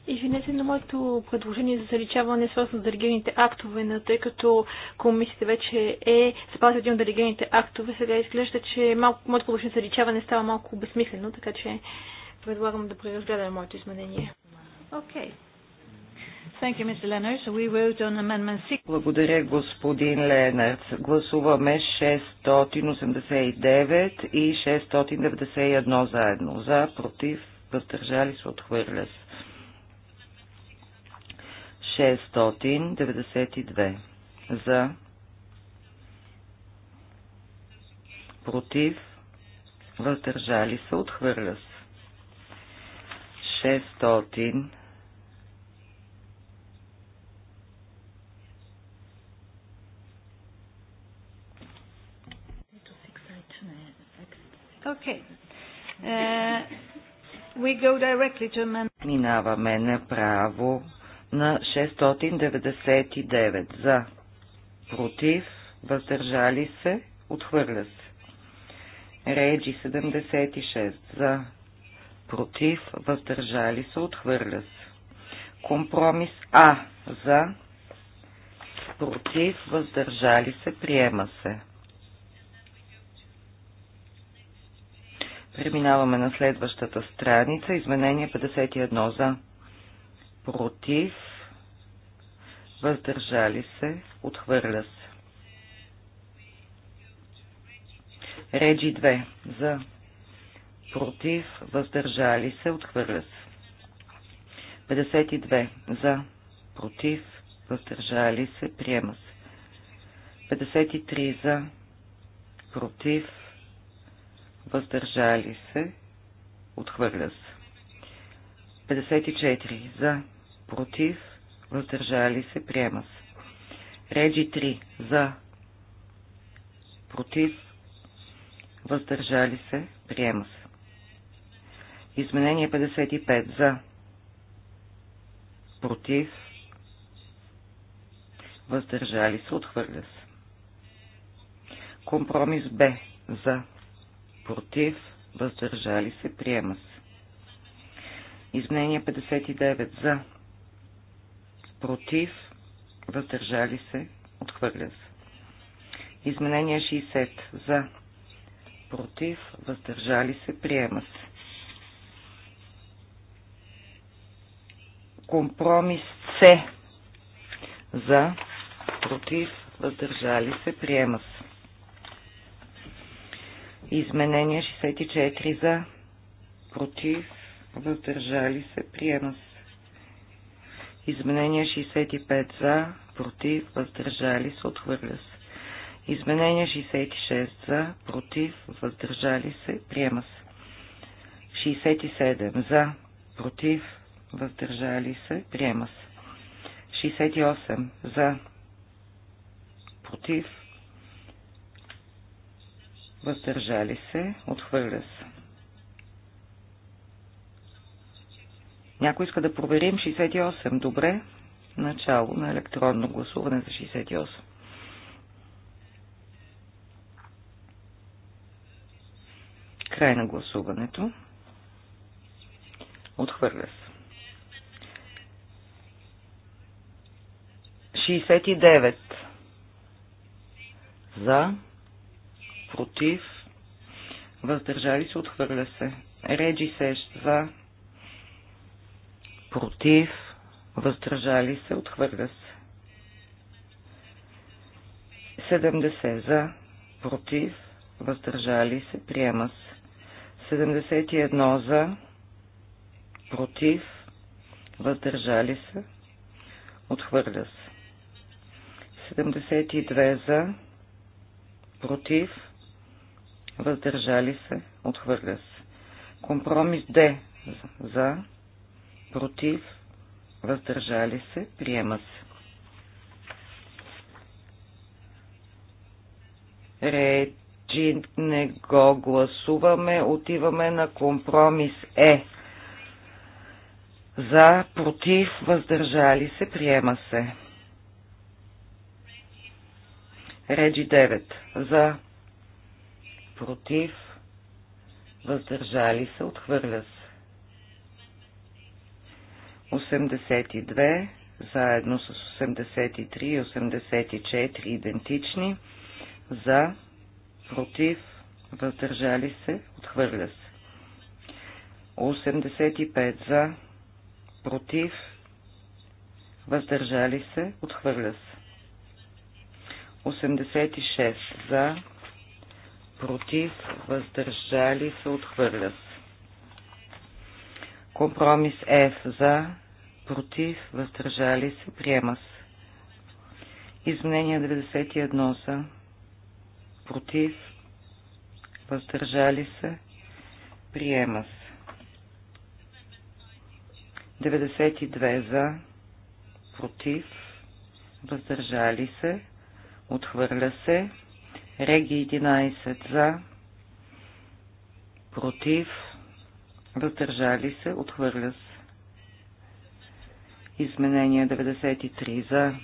Speaker 1: Извинете, но моето предложение за заличаване е свързано с делегираните актове, но тъй като комисията вече е спазила един от делегираните актове, сега изглежда, че малко, моето предложение за заличаване става малко безсмислено, така че предлагам да преразгледаме моето изменение. Окей. Okay. Thank you, Mr. Leonard. So we vote on amendment six.
Speaker 3: Благодаря, господин Ленард. Гласуваме 689 и 691 заедно. За, против, въздържали се, отхвърля се. 692. За, против, въздържали се, отхвърля се. 600 Okay. Uh, we go directly to amendment. Минаваме направо на 699 за, против, въздържали се, отхвърля се. Реджи 76 за, против, въздържали се, отхвърля се. Компромис А за, против, въздържали се, приема се. Преминаваме на следващата страница. Изменение 51 за. Против. Въздържали се. Отхвърля се. Реджи 2 за. Против. Въздържали се. Отхвърля се. 52 за. Против. Въздържали се. Приема се. 53 за. Против въздържали се, отхвърля се. 54. За, против, въздържали се, приема се. Реджи 3. За, против, въздържали се, приема се. Изменение 55. За, против, въздържали се, отхвърля се. Компромис Б. За, против, въздържали се, приема се. Изменение 59 за, против, въздържали се, отхвърля се. Изменение 60 за, против, въздържали се, приема се. Компромис С за, против, въздържали се, приема се. Изменение 64 за, против, въздържали се, приема се. Изменение 65 за, против, въздържали се, отхвърля се. Изменение 66 за, против, въздържали се, приема се. 67 за, против, въздържали се, приема се. 68 за, против, въздържали се, отхвърля се. Някой иска да проверим 68. Добре. Начало на електронно гласуване за 68. Край на гласуването. Отхвърля се. 69. За против, въздържали се, отхвърля се. Реджи се за, против, въздържали се, отхвърля се. 70 за, против, въздържали се, приема се. 71 за, против, въздържали се, отхвърля се. 72 за, против, въздържали се, отхвърля се. Компромис Д за, против, въздържали се, приема се. Речи не го гласуваме, отиваме на компромис Е. За, против, въздържали се, приема се. Реджи 9. За, против, въздържали се, отхвърля се. 82, заедно с 83 и 84 идентични, за, против, въздържали се, отхвърля се. 85 за, против, въздържали се, отхвърля се. 86 за, против, въздържали се, отхвърля се. Компромис F за, против, въздържали се, приема се. Изменение 91 за, против, въздържали се, приема се. 92 за, против, въздържали се, отхвърля се. Реги 11 за, против, въздържали се, отхвърля се. Изменение 93 за,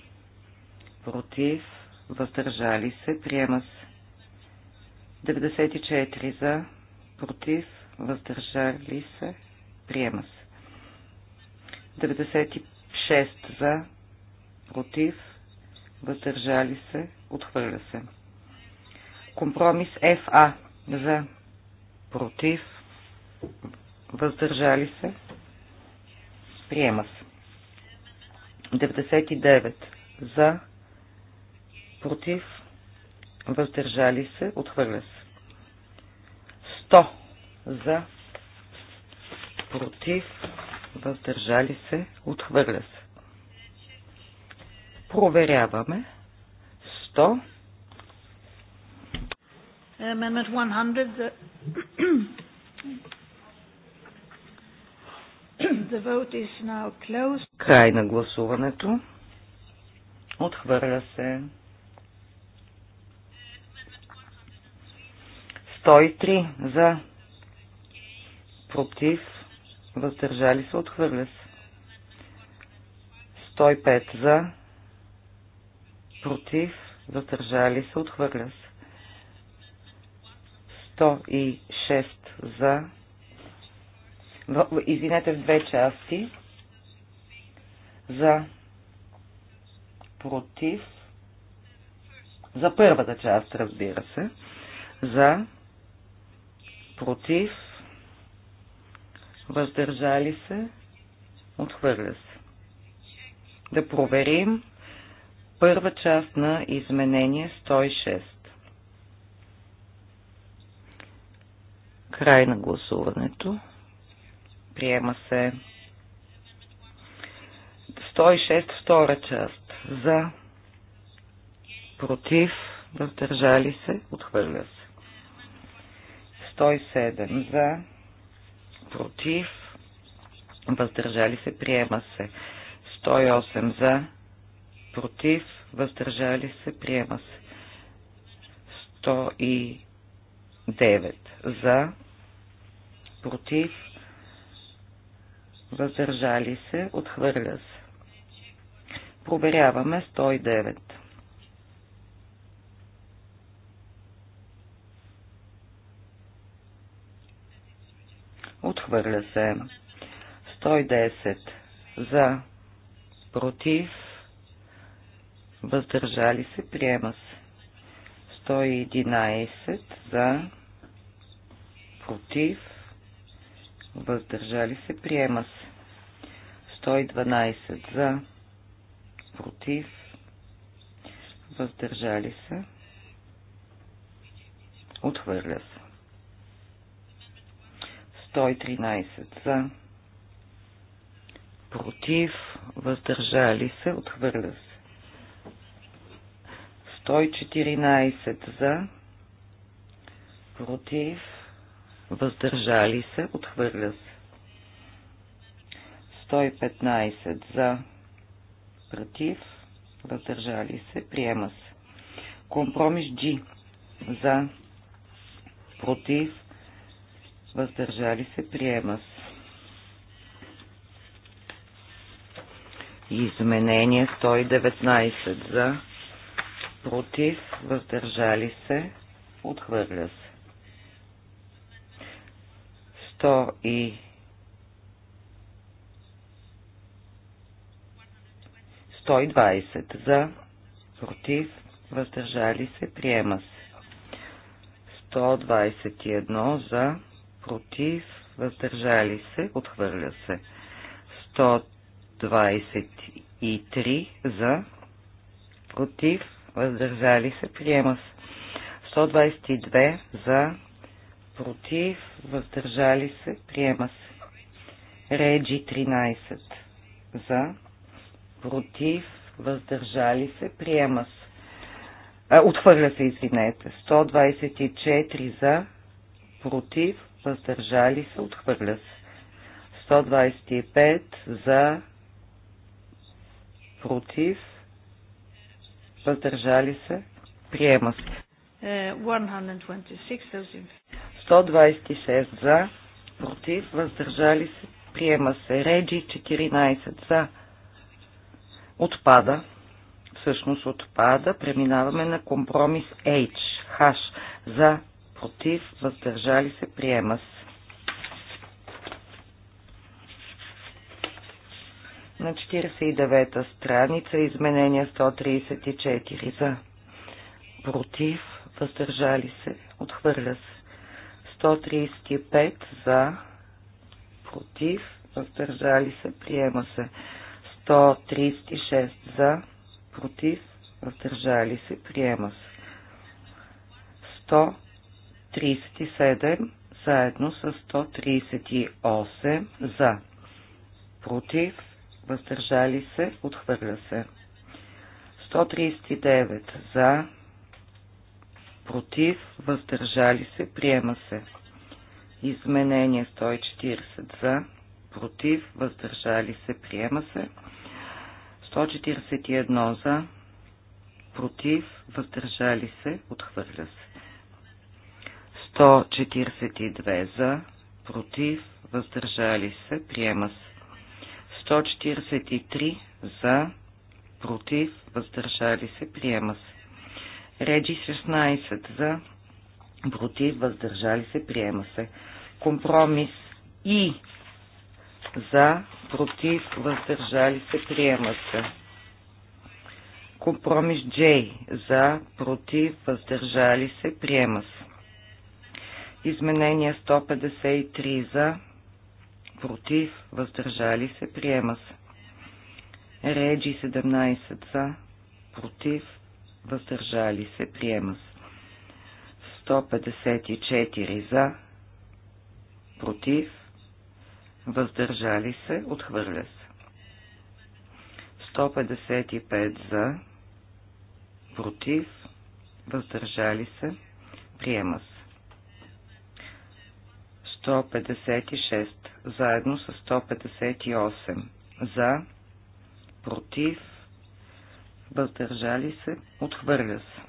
Speaker 3: против, въздържали се, приема се. 94 за, против, въздържали се, приема се. 96 за, против, въздържали се, отхвърля се. Компромис ФА за против, въздържали се, приема се. 99 за против, въздържали се, отхвърля се. 100 за против, въздържали се, отхвърля се. Проверяваме. 100
Speaker 2: Amendment 100. The,
Speaker 1: [clears throat] the vote is now
Speaker 3: closed. Край на гласуването. Отхвърля се. 103 за. Против. Въздържали се. Отхвърля се. 105 за. Против. Въздържали се. Отхвърля се. 106 за. Извинете, в две части. За. Против. За първата част, разбира се. За. Против. Въздържали се. Отхвърля се. Да проверим първа част на изменение 106. Край на гласуването. Приема се 106 втора част. За. Против. Въздържали се. Отхвърля се. 107 за. Против. Въздържали се. Приема се. 108 за. Против. Въздържали се. Приема се. 109 за против, въздържали се, отхвърля се. Проверяваме 109. Отхвърля се. 110 за, против, въздържали се, приема се. 111 за, против, въздържали се, приема се. 112 за, против, въздържали се, отхвърля се. 113 за, против, въздържали се, отхвърля се. 114 за, против, въздържали се, отхвърля се. 115 за, против, въздържали се, приема се. Компромис G за, против, въздържали се, приема се. Изменение 119 за, против, въздържали се, отхвърля се. 100 120 за, против, въздържали се, приема се. 121 за, против, въздържали се, отхвърля се. 123 за, против, въздържали се, приема се. 122 за, против, въздържали се, приема се. Реджи 13 за, против, въздържали се, приема се. А, отхвърля се, извинете. 124 за, против, въздържали се, отхвърля се. 125 за, против, въздържали се, приема се.
Speaker 1: Е, 126
Speaker 3: 126 за, против, въздържали се, приема се. Реджи 14 за, отпада. Всъщност отпада. Преминаваме на компромис H. H за, против, въздържали се, приема се. на 49-та страница, изменения 134 за, против, въздържали се, отхвърля се. 135 за, против, въздържали се, приема се. 136 за, против, въздържали се, приема се. 137 заедно с 138 за, против, въздържали се, отхвърля се. 139 за, против, въздържали се, приема се. Изменение 140 за, против, въздържали се, приема се. 141 за, против, въздържали се, отхвърля се. 142 за, против, въздържали се, приема се. 143 за, против, въздържали се, приема се. Реджи 16 за, против, въздържали се, приема се. Компромис и за, против, въздържали се, приема се. Компромис J за, против, въздържали се, приема се. Изменение 153 за, против, въздържали се, приема се. Реджи 17 за, против, въздържали се, приема се. 154 за, против, въздържали се, отхвърля се. 155 за, против, въздържали се, приема се. 156, заедно с 158, за, против, въздържали се, отхвърля се.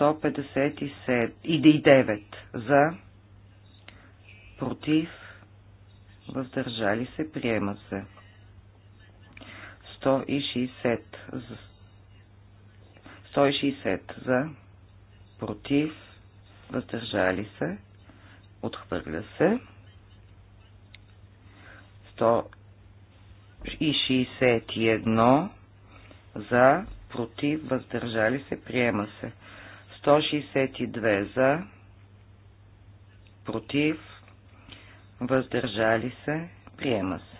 Speaker 3: 159 за, против, въздържали се, приема се. 160 за, 160 за против, въздържали се, отхвърля се. 161 за, против, въздържали се, приема се. 162 за, против, въздържали се, приема се.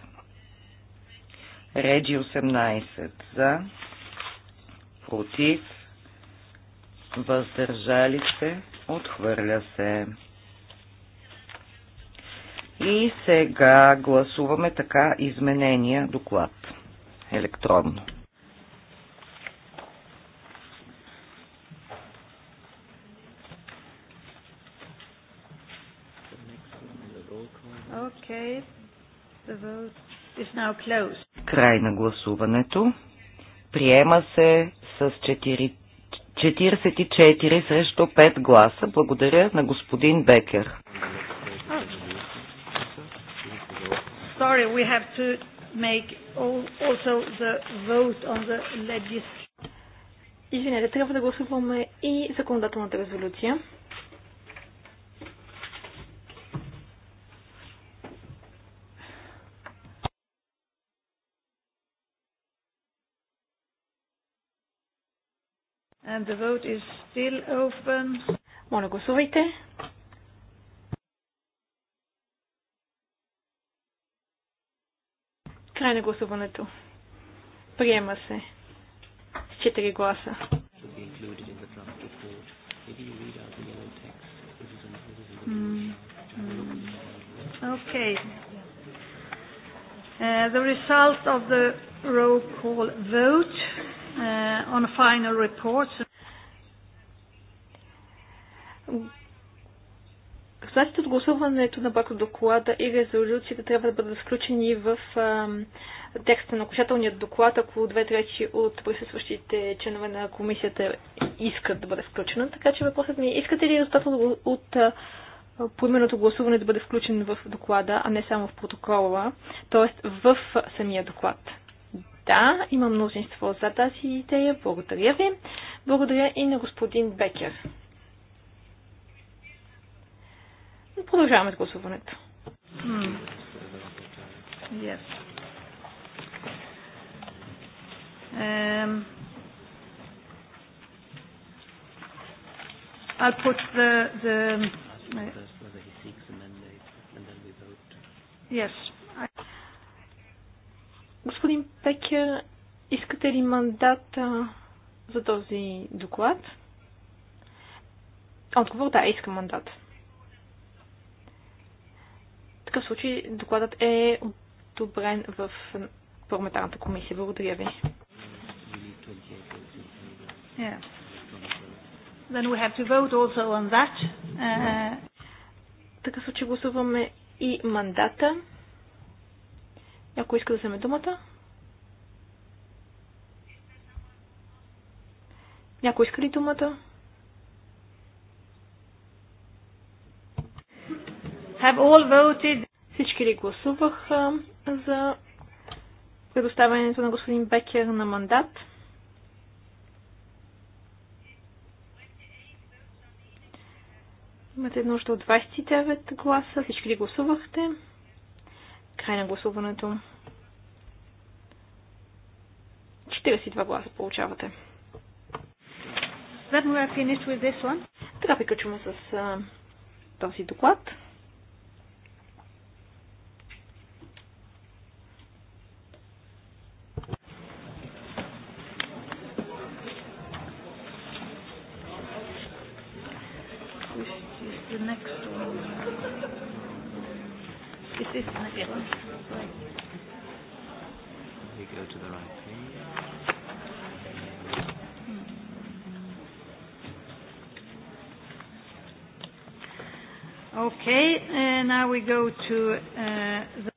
Speaker 3: Реджи 18 за, против, въздържали се, отхвърля се. И сега гласуваме така изменения доклад електронно. Край на гласуването. Приема се с 4, 44 срещу 5 гласа. Благодаря на господин Бекер.
Speaker 1: Извинете, трябва да гласуваме и законодателната резолюция. And the vote is still open. Моля, гласувайте. Край на гласуването. Приема се. С 4 гласа. Okay. Uh, the result of the roll call vote uh, on a final report. Резултатите от гласуването на доклада и резолюцията трябва да бъдат включени в ам, текста на окончателният доклад, ако две трети от присъстващите членове на комисията искат да бъде включена. Така че въпросът ми е, искате ли резултатът от, от поименното гласуване да бъде включен в доклада, а не само в протокола, т.е. в самия доклад? Да, има мнозинство за тази идея. Благодаря ви. Благодаря и на господин Бекер. Продължаваме с гласуването. Yes. Um, I'll put the, the Yes. Господин Пекер, искате ли мандат за този доклад? Отговор да, искам мандат такъв случай докладът е одобрен в парламентарната комисия. Благодаря ви. Yeah. Then we have to vote also on that. Uh... Така случай гласуваме и мандата. Някой иска да вземе думата? Някой иска ли думата? Have all voted? Всички ли гласуваха за предоставянето на господин Бекер на мандат? 28. Имате нужда от 29 гласа. Всички ли гласувахте? Край на гласуването. 42 гласа получавате. Така приключваме с а, този доклад. Now we go to, uh, the...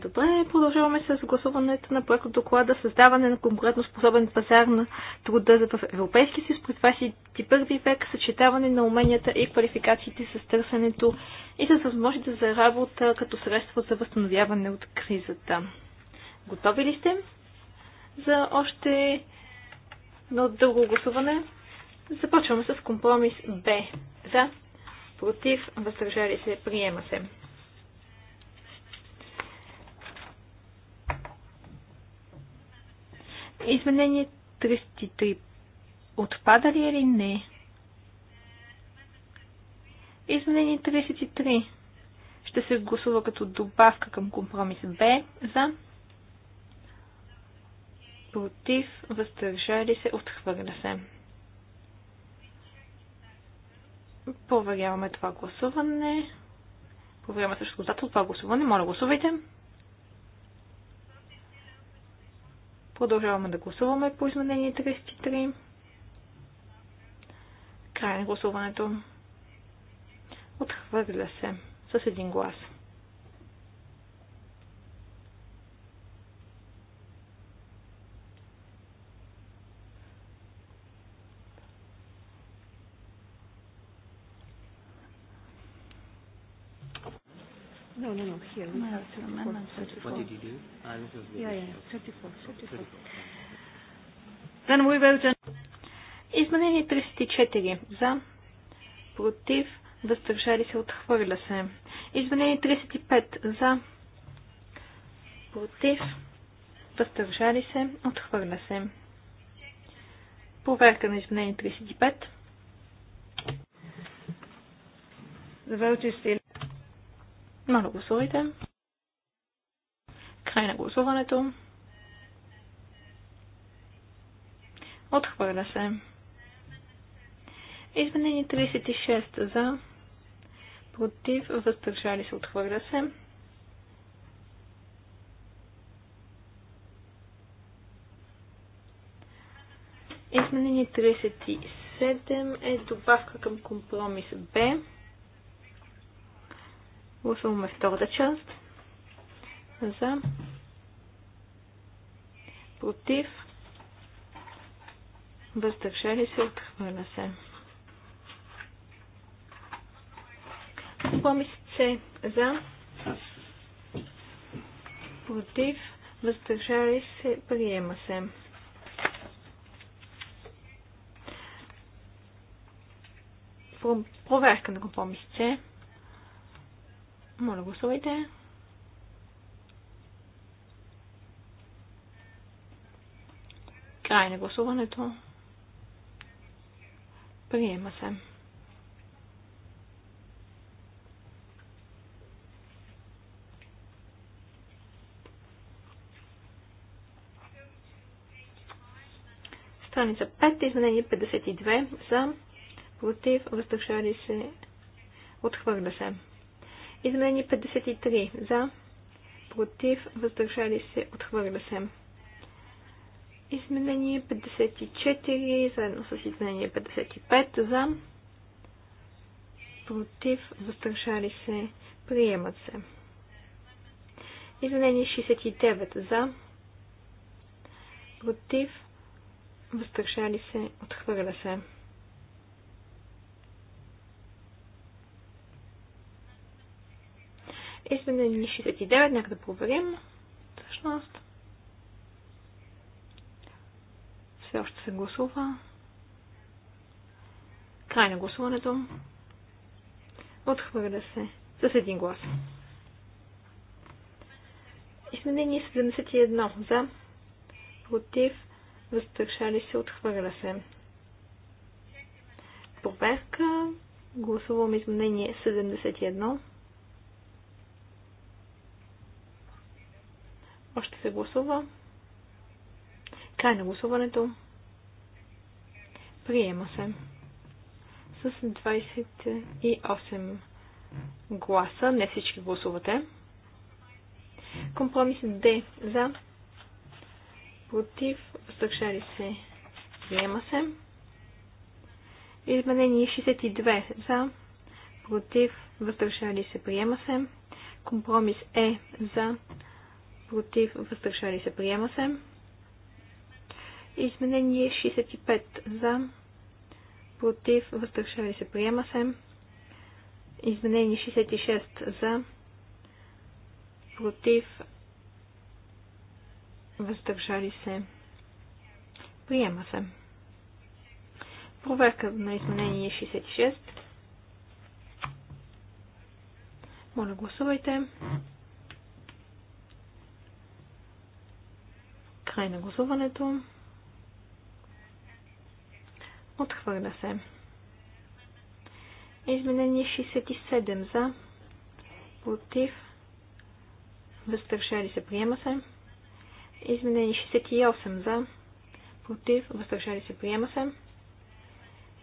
Speaker 1: Добре, продължаваме с гласуването на проект доклада Създаване на конкретно способен пазар на труда в Европейския съюз през 21 век, съчетаване на уменията и квалификациите с търсенето и с възможността за работа като средство за възстановяване от кризата. Готови ли сте за още едно дълго гласуване? Започваме с компромис Б. За, против, въздържали се, приема се. Изменение 33 отпада ли или не? Изменение 33 ще се гласува като добавка към компромис Б за против, въздържали се, отхвърля се. Проверяваме това гласуване. Проверяваме също резултата от това гласуване. Моля, гласувайте. Продължаваме да гласуваме по изменение 33. Край на гласуването. Отхвърля се с един глас. here.
Speaker 4: We have 34. Amendment What did you
Speaker 2: do? Ah, this was the yeah, yeah, 34, 34. 34. Then we vote on...
Speaker 1: Изменение 34. За, против, въздържали се, отхвърля се. Изменение 35. За, против, въздържали се, отхвърля се. Проверка на изменение 35. The vote is still моля, гласувайте. Край на гласуването. Отхвърля се. Изменение 36 за. Против. Въздържали се. Отхвърля се. Изменение 37 е добавка към компромис Б. Гласуваме втората част. За. Против. Въздържали се, отхвърля се. Компромис се. За. Против. Въздържали се, приема се. Проверка на компромис С. Моля, гласувайте. Край на гласуването. Приема се. Страница 5, изменение 52 за против, въздържали се, отхвърля се. Изменение 53. За. Против. Въздържали се. Отхвърля се. Изменение 54. Заедно с изменение 55. За. Против. Въздържали се. Приемат се. Изменение 69. За. Против. Въздържали се. Отхвърля се. Изменени 69, нека да проверим. Всъщност. Все още се гласува. Край на гласуването. Отхвърля се с един глас. Изменение 71 за, против, въздържали се, отхвърля се. Проверка. Гласувам изменение 71. Още се гласува. Край на гласуването. Приема се. С 28 гласа. Не всички гласувате. Компромис Д за. Против. Съкшали се. Приема се. Изменение 62 за. Против. Въздържали се. Приема се. Компромис Е за против, въздържали се, приема се. Изменение 65 за, против, въздържали се, приема се. Изменение 66 за, против, въздържали се, приема се. Проверка на изменение 66. Моля, гласувайте. Край на гласуването. Отхвърля се. Изменение 67 за. Против. Въздържали се. Приема се. Изменение 68 за. Против. Въздържали се. Приема се.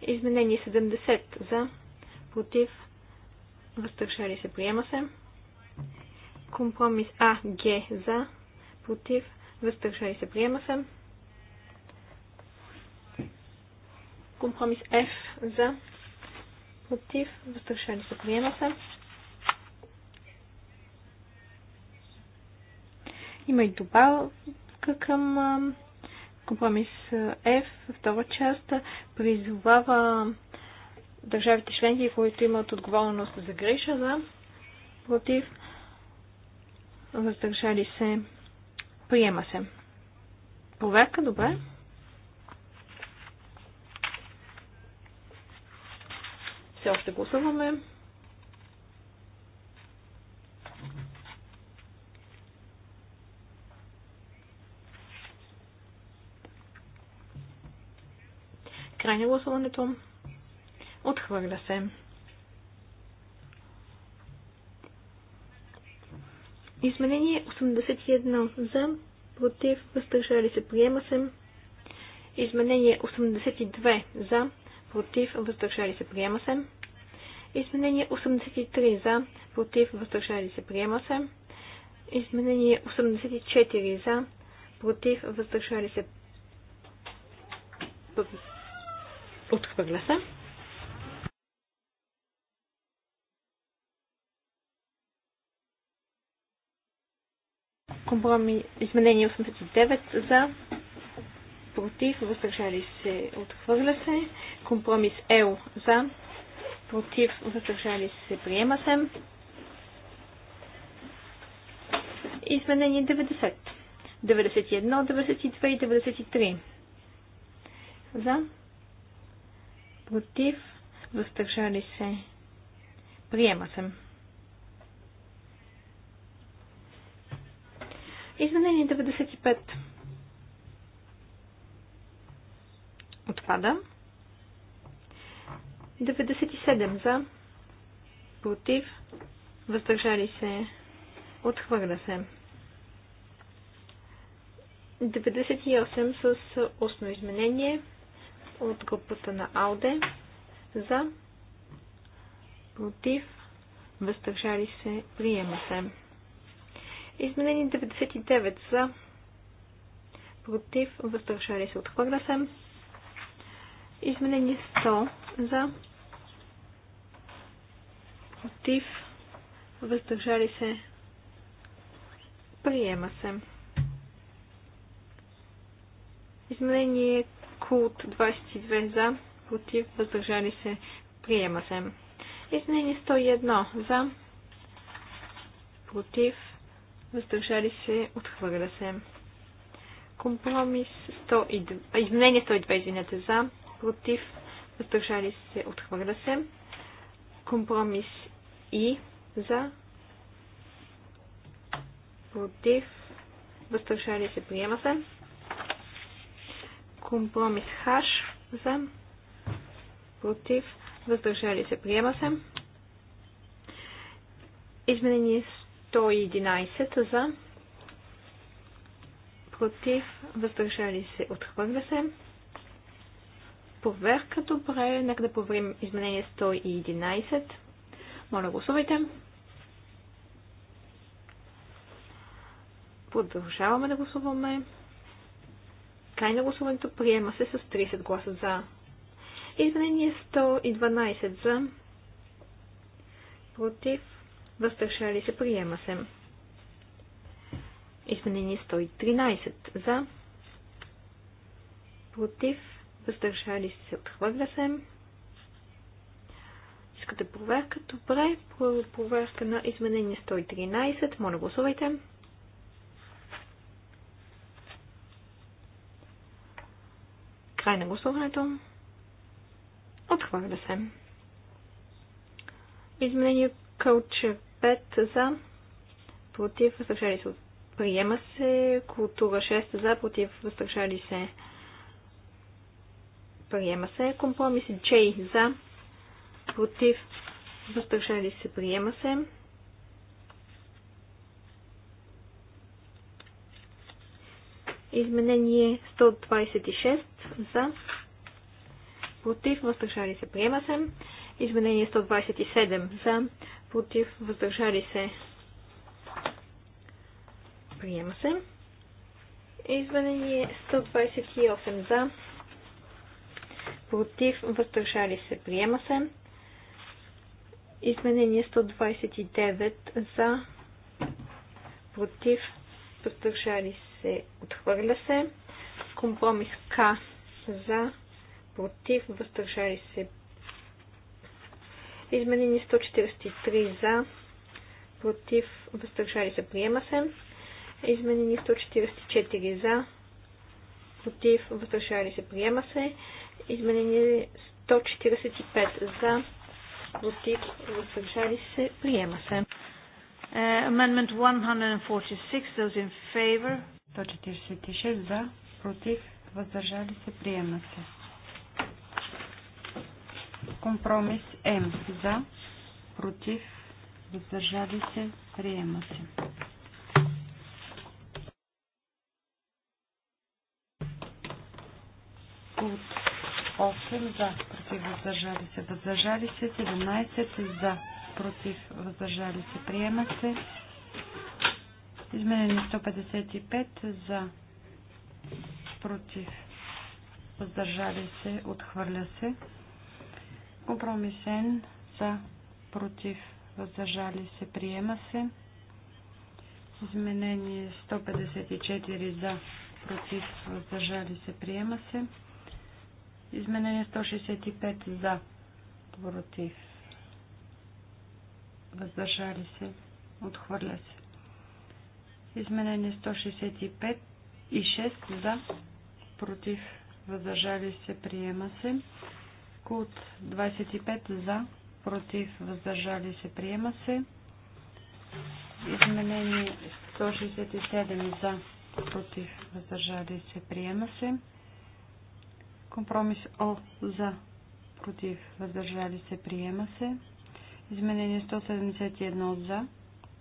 Speaker 1: Изменение 70 за. Против. Въздържали се. Приема се. Компромис А. Г. За. Против въздържали се, приема се. Компромис F за, против, въздържали се, приема се. Има и добавка към компромис F, втора част, призовава държавите членки, които имат отговорност за греша за, против, въздържали се, Приема се. Проверка, добре. Все още гласуваме. Край на гласуването. Отхвърля се. Изменение 81 за, против, въздържали се, приема се. Изменение 82 за, против, въздържали се, приема се. Изменение 83 за, против, въздържали се, приема се. Изменение 84 за, против, въздържали се, отхвърля се. Компромис, изменение 89 за, против, въздържали се, отхвърля се. Компромис L за, против, въздържали се, приема се. Изменение 90. 91, 92 и 93. За. Против. Въздържали се. Приема се. Изменение 95. Отпада. 97 за. Против. Въздържали се. Отхвърля се. 98 с устно изменение от групата на Ауде за против въздържали се приема се. Изменени 99 за. Против. Въздържали се. Отхвърля се. Изменени 100 за. Против. Въздържали се. Приема се. Изменение Култ 22 за. Против. Въздържали се. Приема се. Изменение 101 за. Против въздържали се, отхвърля се. Компромис 102, изменение 102, извинете, за, против, въздържали се, отхвърля се. Компромис и за, против, въздържали се, приема се. Компромис хаш за, против, въздържали се, приема се. Изменение 111 за, против, въздържали се, отхвърля се. Проверка, добре, нека да проверим изменение 111. Моля, гласувайте. Продължаваме да гласуваме. Край на гласуването приема се с 30 гласа за. Изменение 112 за. Против въздържали се, приема се. Изменение 113 за, против, въздържали се, отхвърля се. Искате проверка? Добре, проверка на изменение 113. Моля, гласувайте. Край на гласуването. Отхвърля се. Изменение кълчер 5 за, против, въздържали се. Приема се. Култура 6 за, против, въздържали се. Приема се. Компромис J за, против, въздържали се. Приема се. Изменение 126 за, против, въздържали се. Приема се. Изменение 127 за, против, въздържали се. Приема се. Изменение 128 за, против, въздържали се. Приема се. Изменение 129 за, против, въздържали се. Отхвърля се. Компромис К за, против, въздържали се. Изменени 143 за, против, въздържали се, приема се. Изменени 144 за, против, въздържали се, приема се. Изменени 145 за, против, въздържали се, приема се. Uh, amendment 146, those in favor.
Speaker 4: 146 за, против, въздържали се, приема се. Компромис М. За, против, въздържали се, приема се. От 8 за, против, въздържали се, въздържали се, 17 за, против, въздържали се, приема се. Изменени 155 за, против, въздържали се, отхвърля се. Компромисен за против въздържали се приема се. Изменение 154 за против въздържали се приема се. Изменение 165 за против въздържали се отхвърля се. Изменение 165 и 6 за против въздържали се приема се. От 25 за, против, въздържали се, приема се. Изменение 167 за, против, въздържали се, приема се. Компромис О за, против, въздържали се, приема се. Изменение 171 за,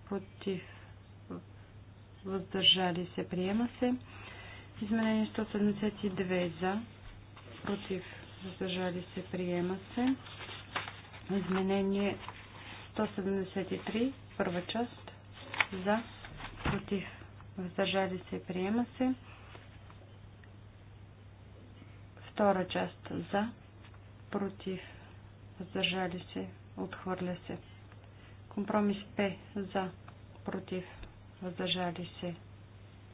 Speaker 4: против, въздържали се, приема се. Изменение 172 за, против, Задържали се, приема се. Изменение 173, първа част, за, против, въздържали се, приема се. Втора част, за, против, въздържали се, отхвърля се. Компромис П, за, против, въздържали се,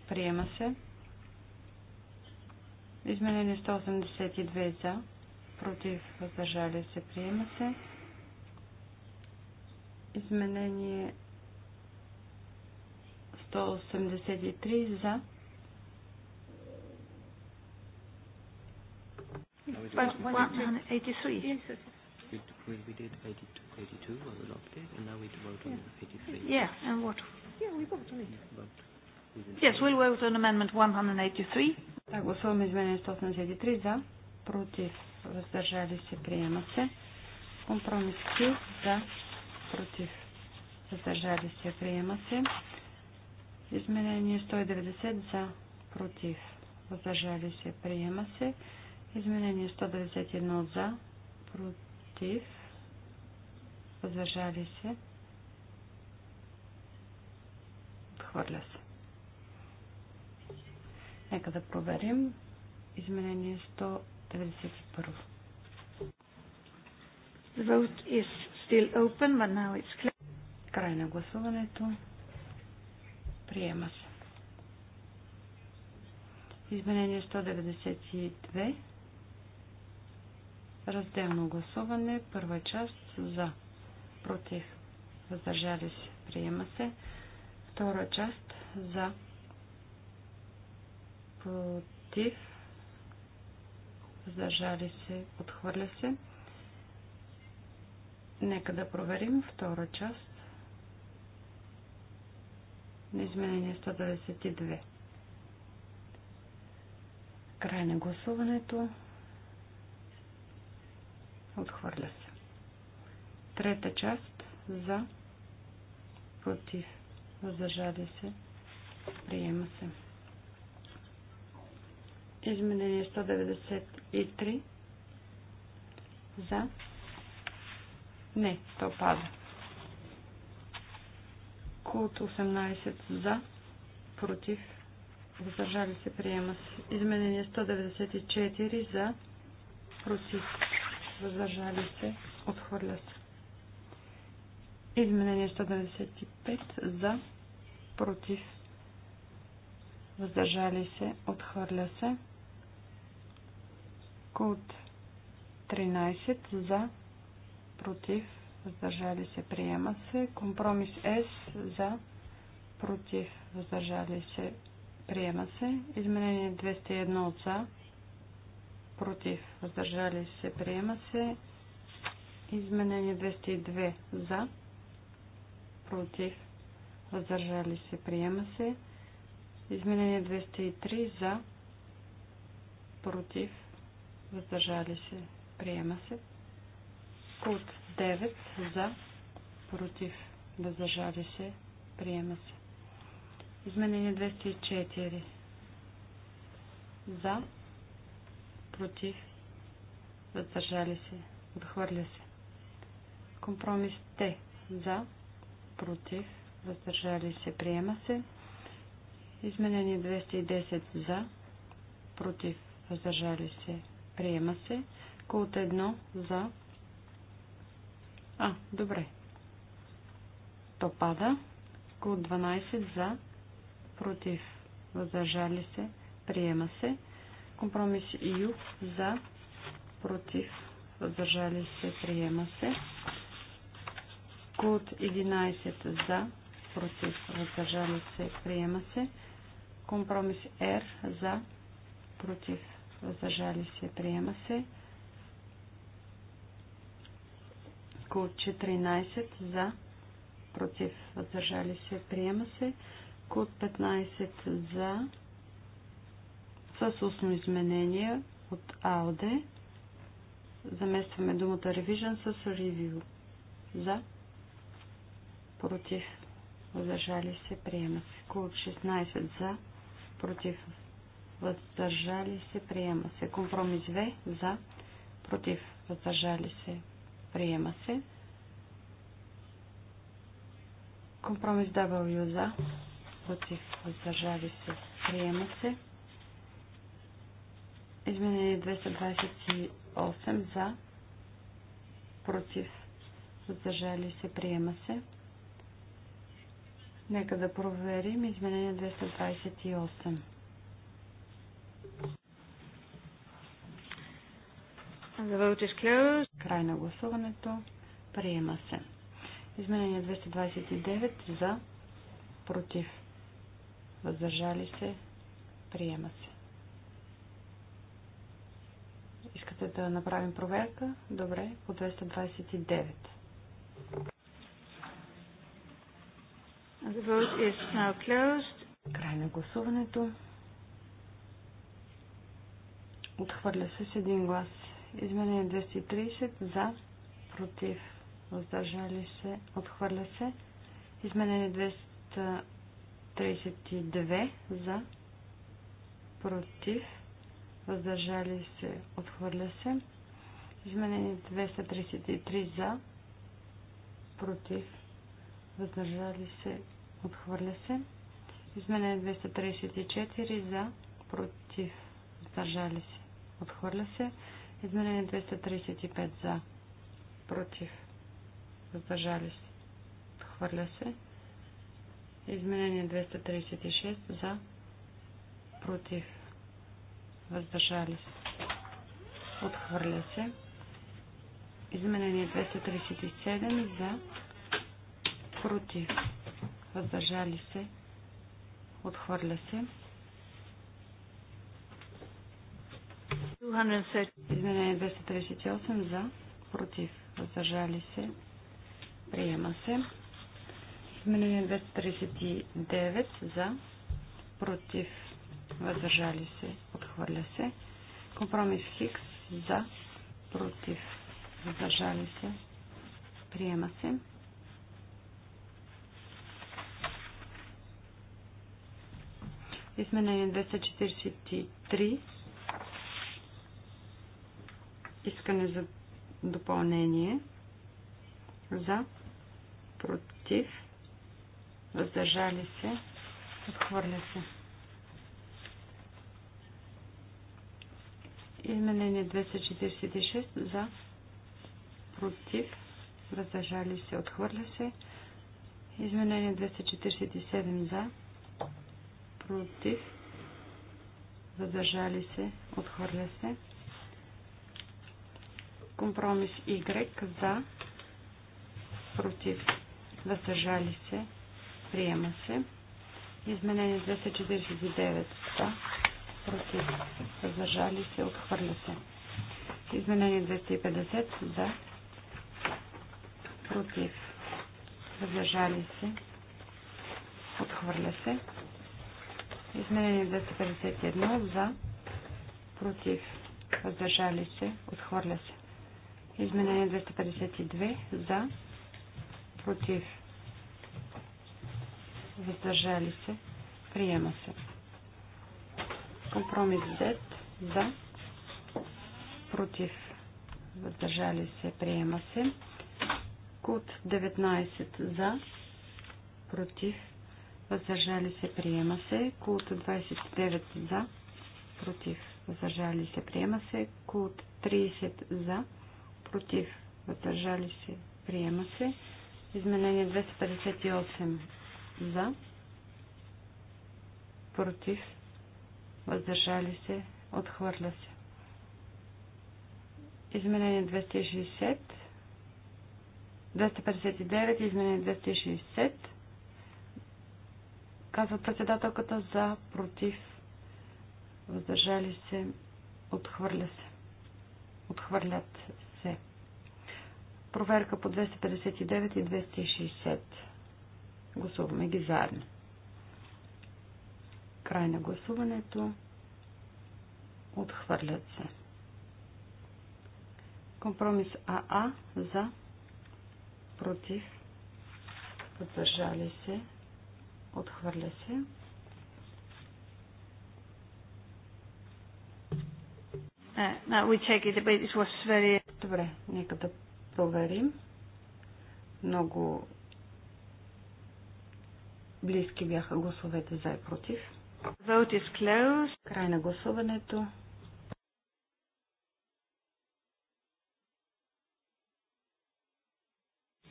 Speaker 4: приема се. Изменение 182 за, против, въздържали се, приема се. Изменение 183 за.
Speaker 2: We did 82, 82 was adopted, and now we vote on yeah. 83. Yeah, and what? Yeah, we vote on it. Yes,
Speaker 1: we'll vote on amendment
Speaker 4: 183. Да, гласуваме изменение 183 за, против въздържали се, приема се. Компромис Q за, против, въздържали се, приема се. Изменение 190 за, против, въздържали се, приема се. Изменение 191 за, против, въздържали се, отхвърля се. Нека да проверим. Изменение 100 91. The vote is still open, but now it's clear. Край на гласуването. Приема се. Изменение 192. Разделно гласуване. Първа част за. Против. Въздържали се. Приема се. Втора част за. Против Зажали се, отхвърля се. Нека да проверим втора част на изменение 192. Край на гласуването. Отхвърля се. Трета част за против. Въздържали се. Приема се. Изменение 190 и 3 за. Не, то пада. Култ 18 за. Против. Въздържали се приема се. Изменение 194 за. Против. Въздържали се. Отхвърля се. Изменение 195 за. Против. Въздържали се. Отхвърля се. От 13 за, против, въздържали се, приема се. Компромис С за, против, въздържали се, приема се. Изменение 201 от за, против, въздържали се, приема се. Изменение 202 за, против, въздържали се, приема се. Изменение 203 за, против, въздържали се, приема се. Код 9 за, против, въздържали се, приема се. Изменение 204 за, против, въздържали се, отхвърля се. Компромис Т за, против, въздържали се, приема се. Изменение 210 за, против, въздържали се, Приема се. Култ 1 за. А, добре. То пада. Култ 12 за. Против. Въздържали се. Приема се. Компромис Ю за. Против. Въздържали се. Приема се. Култ 11 за. Против. Въздържали се. Приема се. Компромис Р за. Против въздържали се, приема се. Кул 14 за, против, въздържали се, приема се. Код 15 за, с устно изменение от АОД. Заместваме думата Revision с Review. За, против, въздържали се, приема се. Код 16 за, против, въздържали се, приема се. Компромис 2 за, против, въздържали се, приема се. Компромис W за, против, въздържали се, приема се. Изменение 228 за, против, въздържали се, приема се. Нека да проверим изменение 228. Край на гласуването. Приема се. Изменение 229 за, против, въздържали се, приема се. Искате да направим проверка? Добре, по 229. The vote is now closed. Край на гласуването. Отхвърля се с един глас. Изменение 230 за, против, въздържали се, отхвърля се. Изменение 232 за, против, въздържали се, отхвърля се. Изменение 233 за, против, въздържали се, отхвърля се. Изменение 234 за, против, въздържали се, Отхвърля се. Изменение 235 за. Против. Въздържали се. Отхвърля се. Изменение 236 за. Против. Въздържали се. Отхвърля се. Изменение 237 за. Против. Въздържали се. Отхвърля се. 238 за, против, въздържали се, приема се. Изменение 239 за, против, въздържали се, отхвърля се. Компромис Хикс за, против, въздържали се, приема се. Изменение 243 искане за допълнение за против въздържали се отхвърля се изменение 246 за против въздържали се отхвърля се изменение 247 за против въздържали се отхвърля се Компромис Y за, против, въздържали се, приема се. Изменение 249 за, против, въздържали се, отхвърля се. Изменение 250 за, против, въздържали се, отхвърля се. Изменение 251 за, против, въздържали се, отхвърля се. Изменение 252 за, против, въздържали се, приема се. Компромис Z за, против, въздържали се, приема се. Код 19 за, против, въздържали се, приема се. Код 29 за, против, въздържали се, приема се. Код 30 за, против, против, въздържали се, приема се. Изменение 258 за, против, въздържали се, отхвърля се. Изменение 260, 259, изменение 260, казва председателката за, против, въздържали се, отхвърля се. Отхвърлят Проверка по 259 и 260. Гласуваме ги заедно. Край на гласуването. Отхвърлят се. Компромис АА за против въздържали се отхвърля се Uh, е, no, very... Добре, нека да проверим. Много близки бяха гласовете за и против.
Speaker 1: Vote is closed.
Speaker 4: Край на гласуването.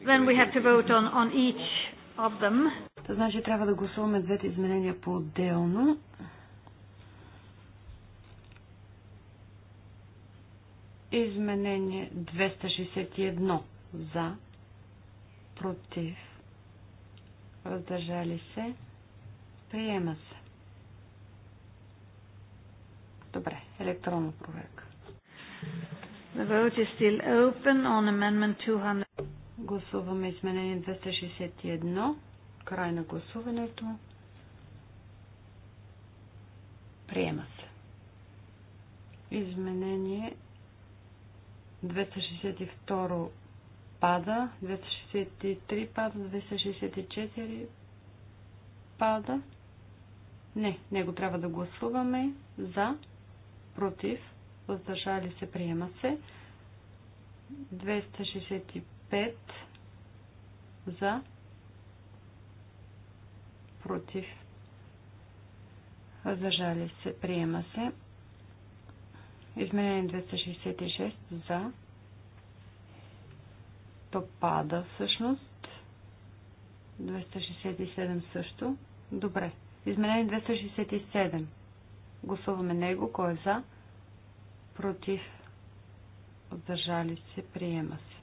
Speaker 4: Then we have to vote on, on each of them. Значи трябва да гласуваме двете изменения по-отделно. Изменение 261 за, против, въздържали се, приема се. Добре, електронна проверка. The vote is still open on amendment 200. Гласуваме изменение 261. Край на гласуването. Приема се. Изменение 262 пада, 263 пада, 264 пада. Не, него трябва да гласуваме за, против, въздържали се, приема се. 265 за, против, въздържали се, приема се. Изменение 266 за. То пада всъщност. 267 също. Добре. Изменение 267. Гласуваме него. Кой е за? Против. отдържали се. Приема се.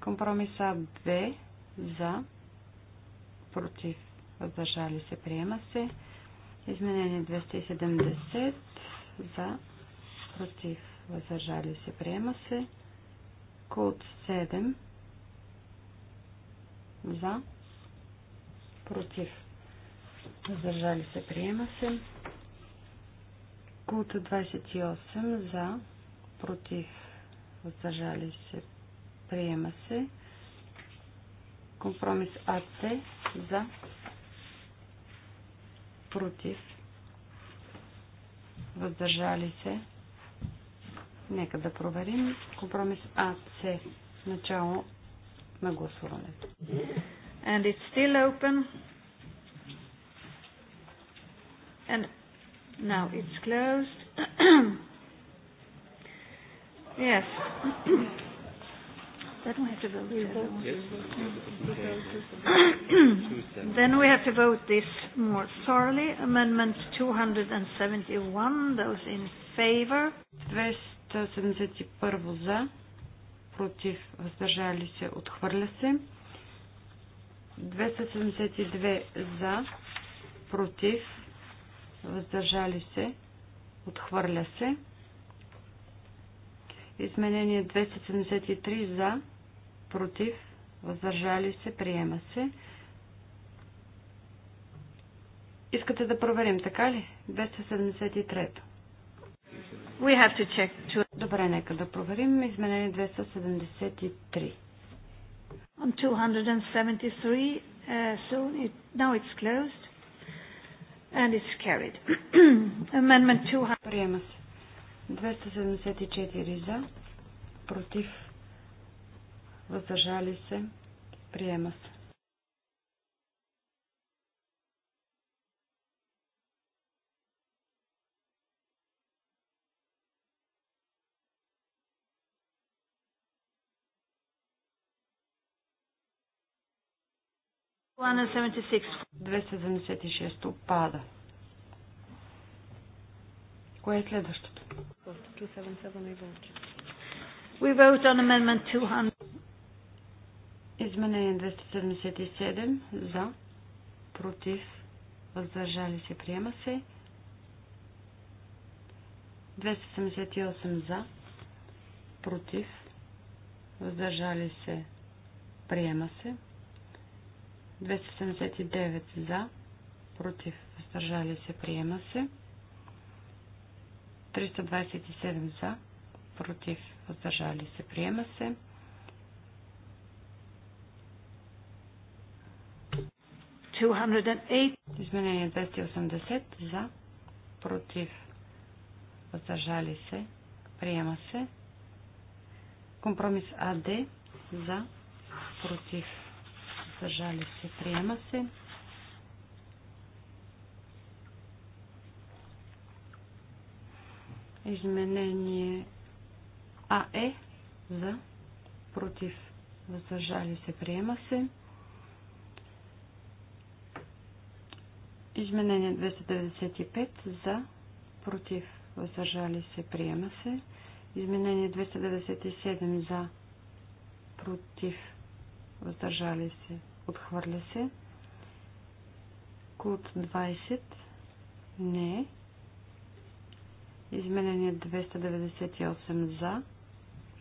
Speaker 4: Компромиса Б. За. Против. Въздържали се. Приема се. Изменение 270 за, против, въздържали се, приема се. Код 7 за, против, въздържали се, приема се. Код 28 за, против, въздържали се, приема се. Компромис АЦ за, против, въздържали се. Нека да проверим. Компромис АЦ. Начало на гласуването.
Speaker 1: And it's still open. And now it's closed. [clears throat] yes. [clears throat] They don't have to vote. Yes. Then we have to vote this more thoroughly. Amendment 271, those in favor. 271
Speaker 4: за, против, въздържали се, отхвърля се. 272 за, против, въздържали се, отхвърля се. Изменение 273 за, против, въздържали се, приема се. Искате да проверим, така ли? 273. We have to check to... Добре, нека да проверим. Изменение 273. On 273, uh, so it, now it's closed and it's carried. [clears throat] Amendment 200. Приема се. 274 за, против въздържали се, приема се. Плана 76. 276 опада. Кое е следващото? We vote on amendment 200. Изменение 277 за, против, въздържали се, приема се. 278 за, против, въздържали се, приема се. 279 за, против, въздържали се, приема се. 327 за, против, въздържали се, приема се. Изменение 280 за, против, въздържали се, приема се. Компромис АД за, против, въздържали се, приема се. Изменение АЕ за, против, въздържали се, приема се. Изменение 295 за, против, въздържали се, приема се. Изменение 297 за, против, въздържали се, отхвърля се. Код 20 не. Изменение 298 за,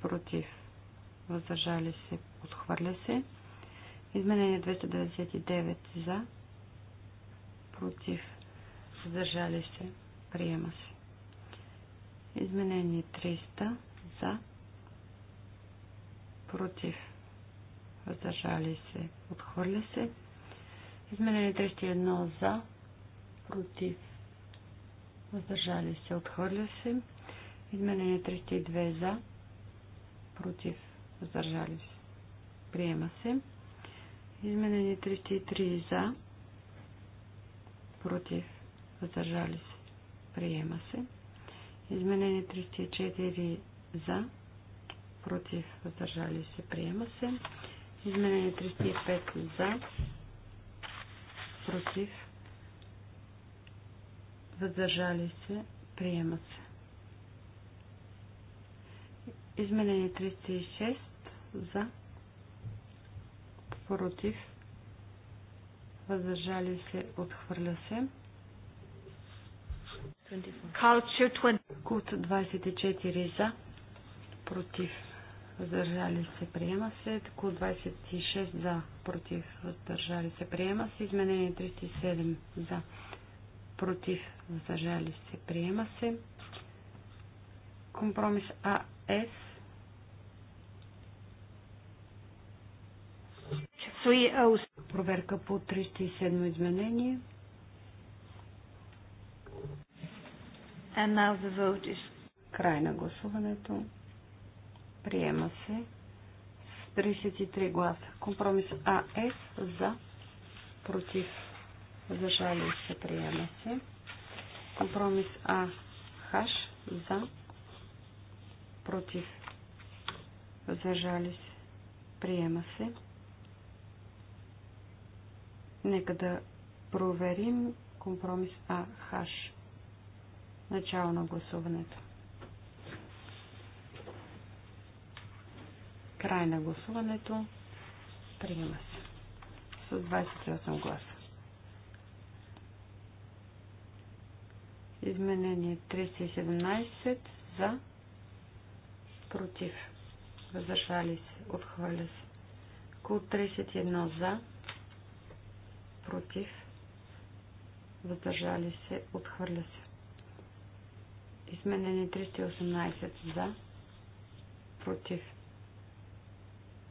Speaker 4: против, въздържали се, отхвърля се. Изменение 299 за, против, въздържали се, приема се. Изменение 300 за, против, въздържали се, отхвърля се. Изменение 301 за, против, въздържали се, отхвърля се. Изменение 302 за, против, въздържали се, приема се. Изменение 303 за, против, въздържали се, приема се. Изменение 304 за, против, въздържали се, приема се. Изменение 305 за, против, въздържали се, приема се. Изменение 306 за, против, въздържали се, отхвърля се. Култ 24 за, против, въздържали се, приема се. Култ 26 за, против, въздържали се, приема се. Изменение 37 за, против, въздържали се, приема се. Компромис АС Проверка по 307 изменение.
Speaker 1: And now the vote is...
Speaker 4: Край на гласуването. Приема се с 33 гласа. Компромис АС за против. Зажали се. Приема се. Компромис АХ за против. Зажали се. Приема се. Нека да проверим компромис АХ. Начало на гласуването. Край на гласуването. Приема се. С 28 гласа. Изменение 317 за против. Въздържали се. Отхвърля се. Кул 31 за против, въздържали се, отхвърля се. Изменени 318 за, против,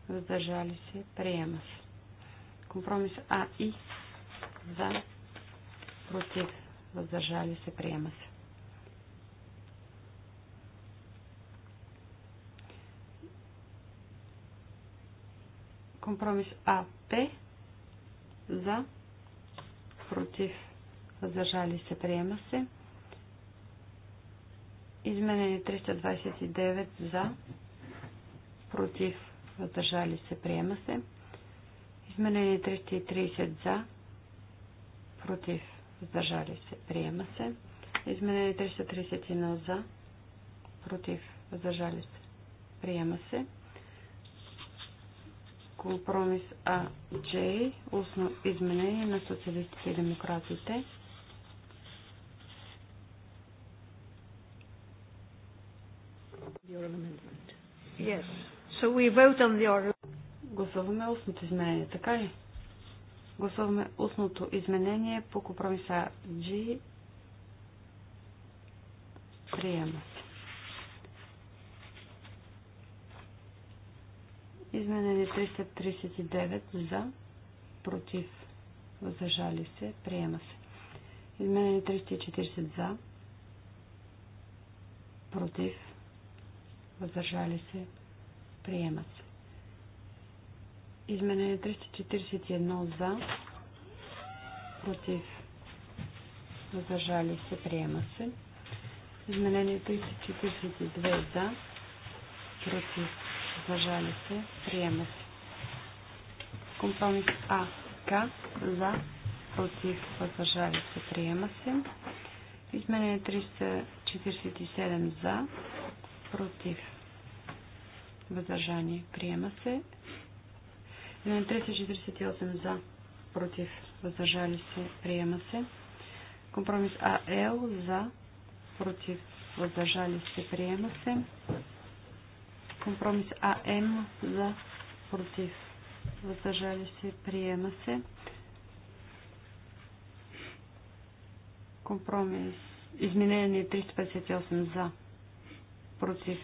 Speaker 4: въздържали се, приема се. Компромис А и за, против, въздържали се, приема се. Компромис АП за, против, въздържали се, приема се. Изменени 329 за, против, въздържали се, приема се. Изменени 330 за, против, въздържали се, приема се. Изменени 331 за, против, въздържали се, приема се компромис АJ, устно изменение на социалистите и демократите. Yes. So we vote on the Гласуваме устното изменение, така ли? Гласуваме устното изменение по компромиса G. Приема. Изменение 339 за, против, въздържали се, приема се. Изменение 340 за, против, въздържали се, приема се. Изменение 341 за, против, въздържали се, приема се. Изменение 342 за, против, въздържали се, приема се. Компромис А, К, за, против, въздържали се, приема се. Изменение 347 за, против, въздържание, приема се. Изменение 348 за, против, въздържали се, приема се. Компромис АЛ за, против, въздържали се, приема се. Компромис АМ за против. Въздържали се. Приема се. Компромис. Изменение 358 за. Против.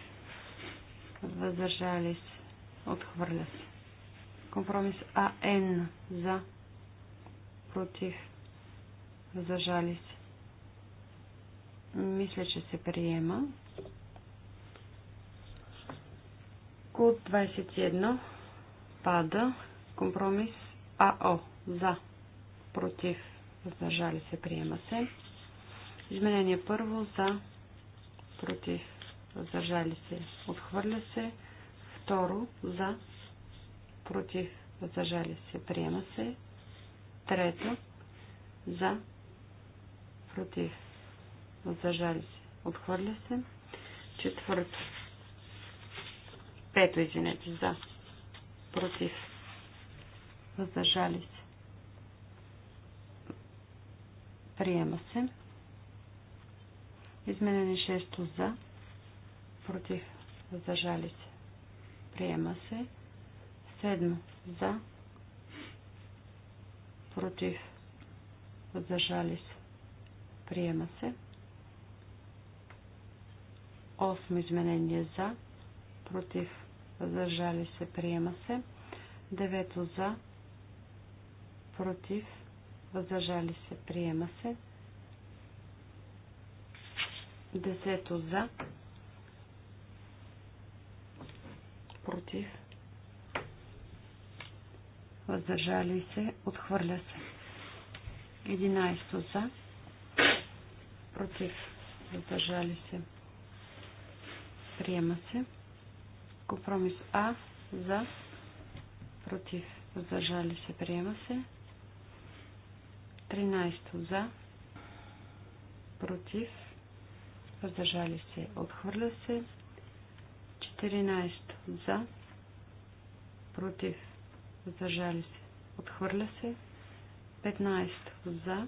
Speaker 4: Въздържали се. Отхвърля се. Компромис АН за. Против. Въздържали се. Мисля, че се приема. От 21 пада. Компромис АО за. Против. Въздържали се. Приема се. Изменение първо за. Против. Въздържали се. Отхвърля се. Второ за. Против. Въздържали се. Приема се. Трето за. Против. Въздържали се. Отхвърля се. Четвърто Пето, извинете, за. Против. Въздържали се. Приема се. Изменени 6 за. Против. Въздържали се. Приема се. Седмо за. Против. Въздържали се. Приема се. Осмо изменение за. Против въздържали се, приема се. Девето за, против, въздържали се, приема се. Десето за, против, въздържали се, отхвърля се. Единайсто за, против, въздържали се, приема се. Компромис А за, против, въздържали се, приема се. 13 за, против, въздържали се, отхвърля се. 14 за, против, въздържали се, отхвърля се. 15 за,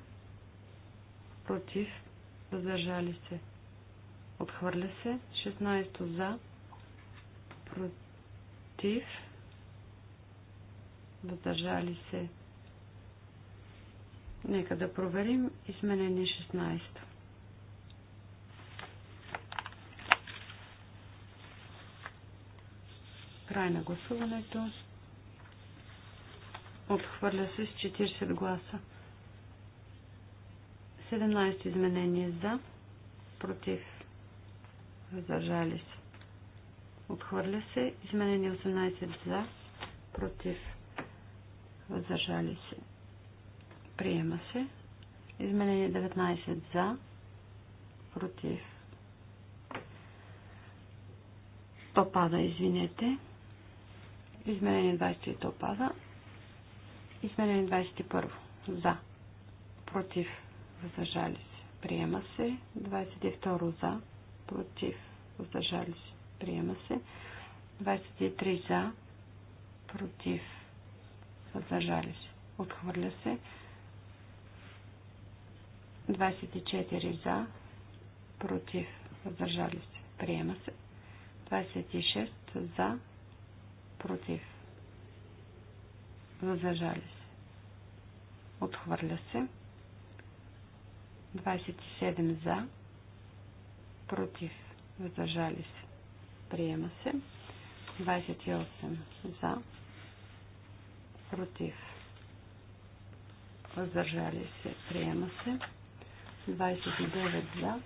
Speaker 4: против, въздържали се, отхвърля се. 16 за, против, въздържали се. Нека да проверим изменение 16. Край на гласуването. Отхвърля се с 40 гласа. 17 изменения за, против, въздържали се. Отхвърля се. Изменени 18 за. Против. Въздържали се. Приема се. Изменени 19 за. Против. То пада, извинете. Изменени 20 то пада. Изменение 21. За. Против. Въздържали се. Приема се. 22 за. Против. Въздържали се приема се. 23 за, против, въздържали се, отхвърля се. 24 за, против, въздържали се, приема се. 26 за, против, въздържали се, отхвърля се. 27 за, против, въздържали се, Приема се. 28 за. Против. Въздържали се. Приема се. 29 за.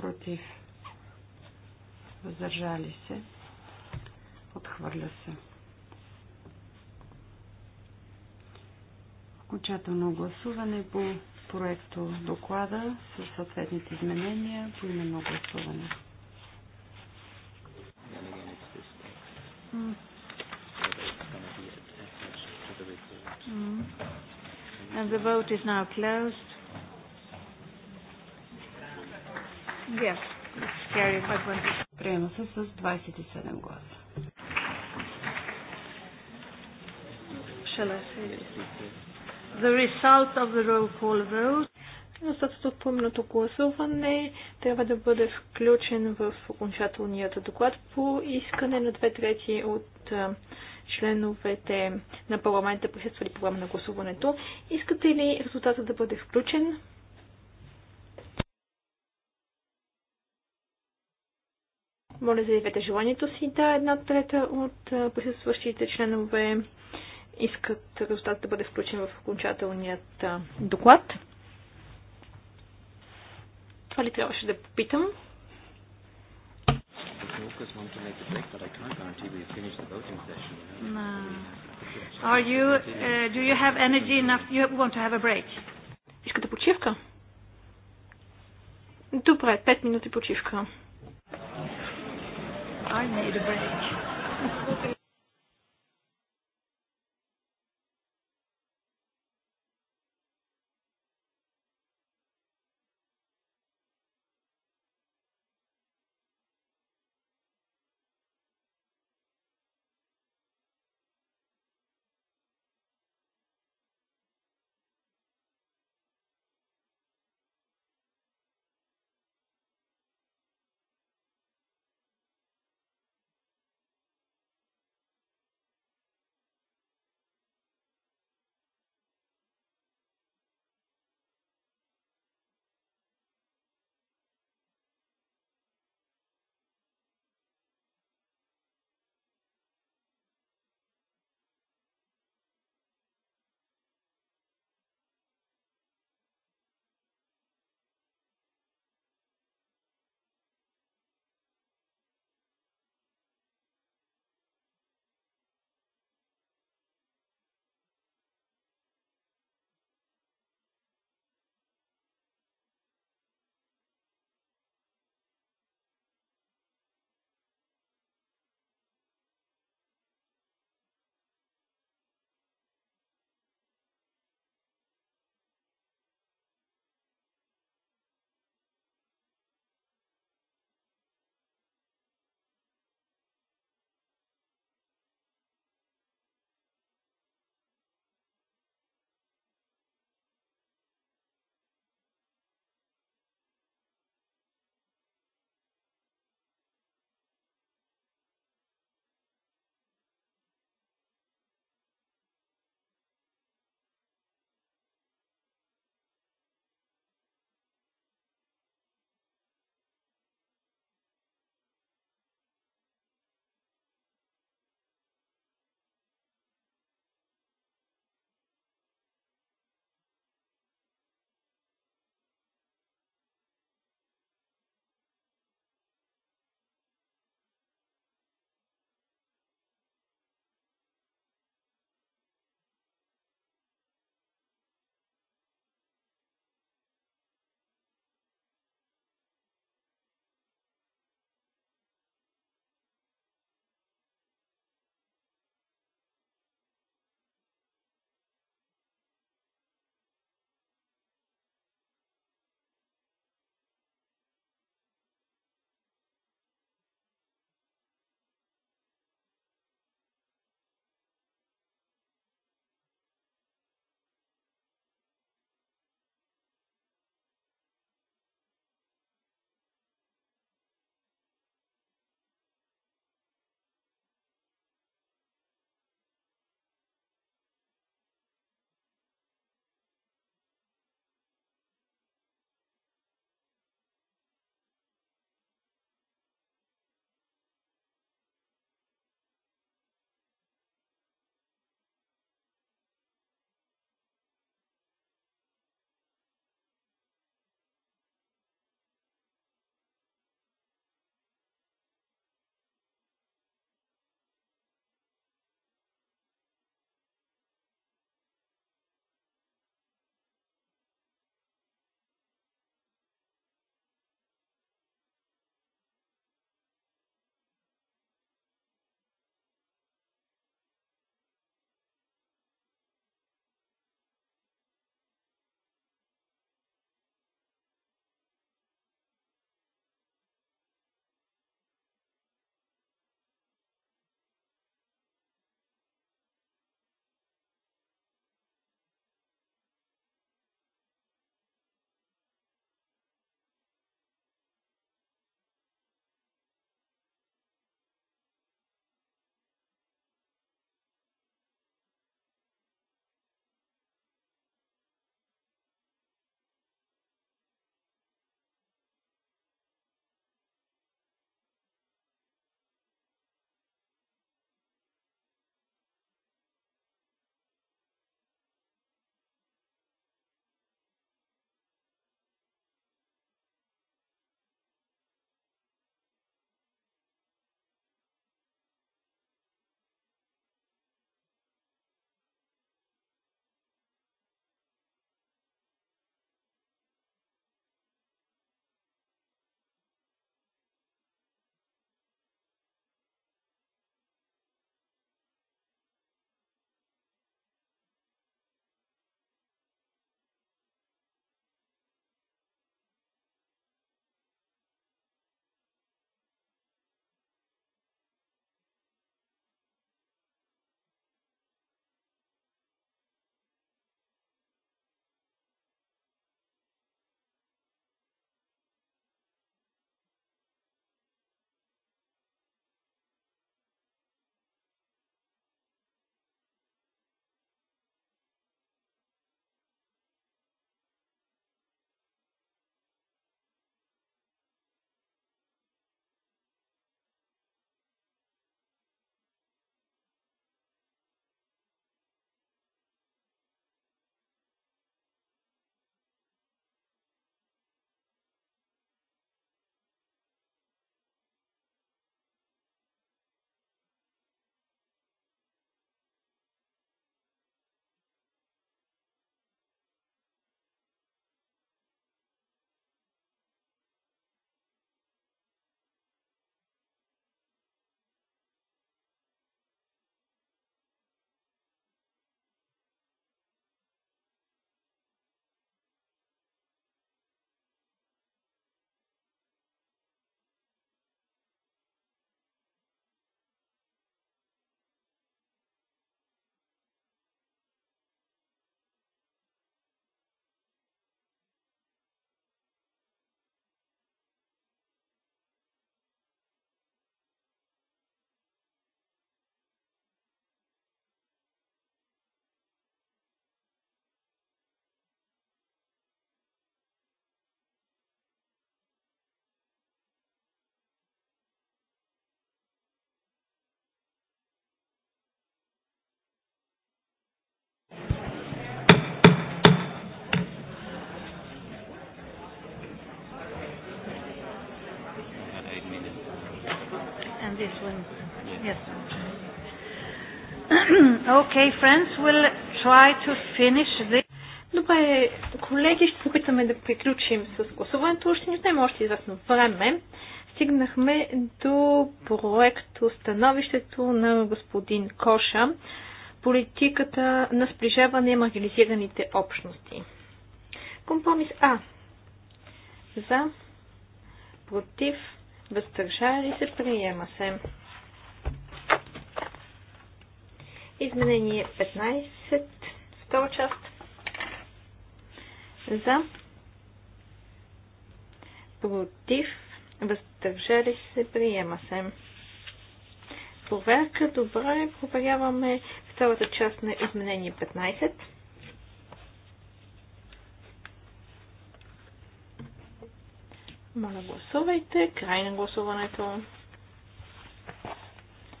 Speaker 4: Против. Въздържали се. Отхвърля се. Окончателно гласуване по проекто доклада със съответните изменения по именно гласуване.
Speaker 2: Mm. Mm. And the vote is
Speaker 4: now closed.
Speaker 2: Yes, Gary, carried by 20.
Speaker 4: Приема се с
Speaker 1: 27 гласа. Shall I say The result of the roll call vote но статът от поименното гласуване трябва да бъде включен в окончателният доклад по искане на две трети от членовете на парламента присъствали по време на гласуването. Искате ли резултатът да бъде включен? Моля, заявете желанието си. Да, една трета от присъстващите членове искат резултатът да бъде включен в окончателният доклад. Това ли трябваше да попитам? No.
Speaker 2: Are you, uh, do you have energy
Speaker 1: enough? You want to have a break? Искате почивка? Добре, 5 минути почивка.
Speaker 2: I need a break. this one. Yes. [clears throat]
Speaker 1: okay, friends, we'll try to finish this. Добре, колеги, ще се опитаме да приключим с гласуването. Ще ни знаем още известно време. Стигнахме до проекто становището на господин Коша политиката на сближаване на маргинализираните общности. Компромис А. За, против, въздържали се, приема се. Изменение 15, втора част. За, против, въздържали се, приема се. Проверка, добре, проверяваме втората част на изменение 15. Моля, гласувайте. Край на гласуването.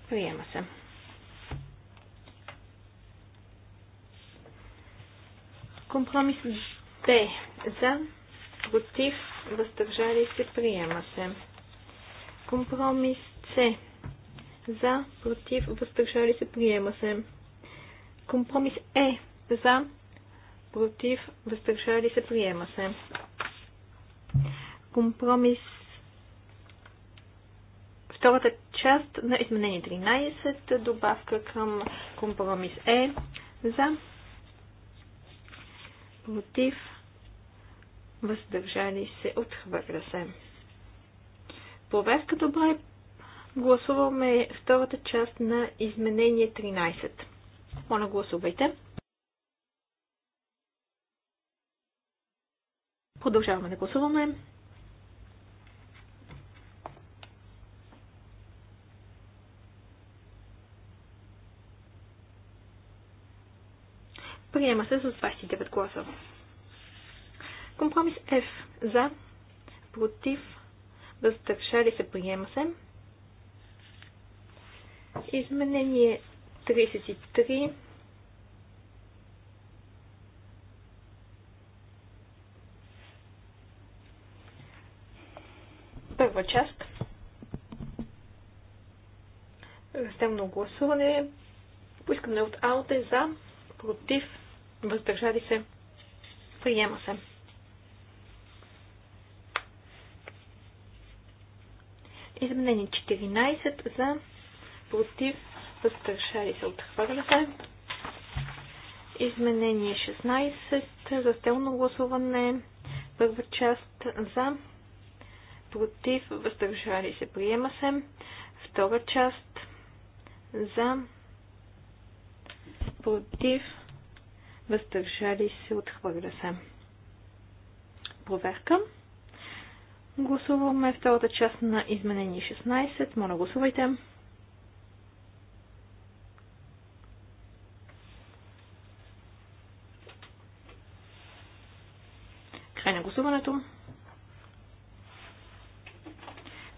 Speaker 1: Приема се. Компромис Д. За, против, въздържали се, приема се. Компромис С. За, против, въздържали се, приема се. Компромис Е. За, против, въздържали се, приема се компромис втората част на изменение 13, добавка към компромис Е за против въздържали се, отхвърля се. Проверка е. Гласуваме втората част на изменение 13. Моля, гласувайте. Продължаваме да гласуваме. Приема се с 29 гласа. Компромис F. За. Против. Въздържали се. Приема се. Изменение 33. Първа част. Разделно гласуване. Поискаме от АОТ за, против, въздържали се, приема се. Изменени 14 за против, въздържали се, отхвърля се. Изменение 16 стелно гласуване. Първа част за против, въздържали се, приема се. Втора част за против, въздържали се, отхвърля се. Проверка. Гласуваме втората част на изменение 16. Моля, гласувайте. Край на гласуването.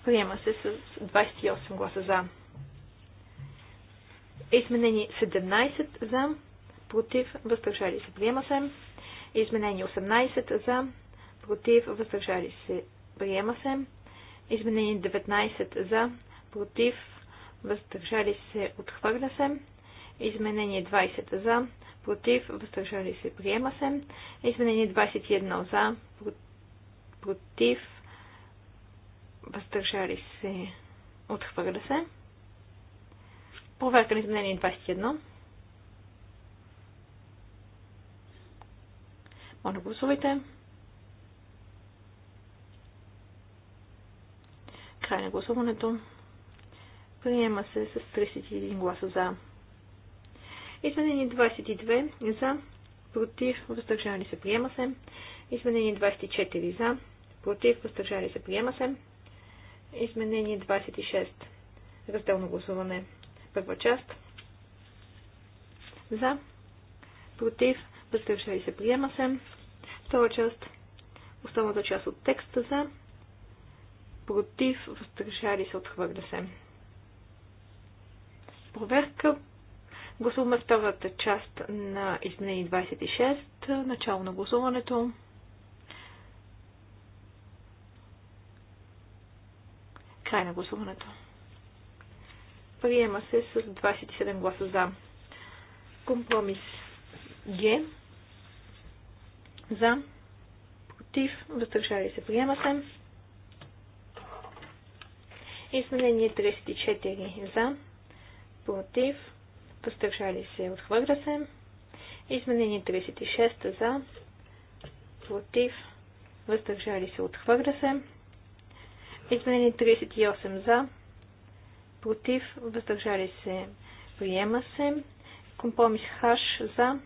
Speaker 1: Приема се с 28 гласа за. Изменение 17 за против, въздържали се, приема се. Изменение 18 за, против, въздържали се, приема се. Изменение 19 за, против, въздържали се, отхвърля се. Изменение 20 за, против, въздържали се, приема се. Изменение 21 за, против, въздържали се, отхвърля се. Проверка на изменение 21. Моля, гласувайте. Край на гласуването. Приема се с 31 гласа за. Изменени 22 за, против, въздържали се, приема се. Изменени 24 за, против, въздържали се, приема се. Изменение 26. Разделно гласуване. Първа част. За, против, въздържали се, приема се. Втора част, основната част от текста за, против, възтържали се, отхвърля се. Проверка. Гласуваме втората част на изменени 26, начало на гласуването. Край на гласуването. Приема се с 27 гласа за. Компромис Г за. Против. Въздържали се. Приема се. Изменение 34. За. Против. Въздържали се. Отхвърля се. Изменение 36. За. Против. Въздържали се. Отхвърля се. Изменение 38. За. Против. Въздържали се. Приема се. Компромис Хаш. За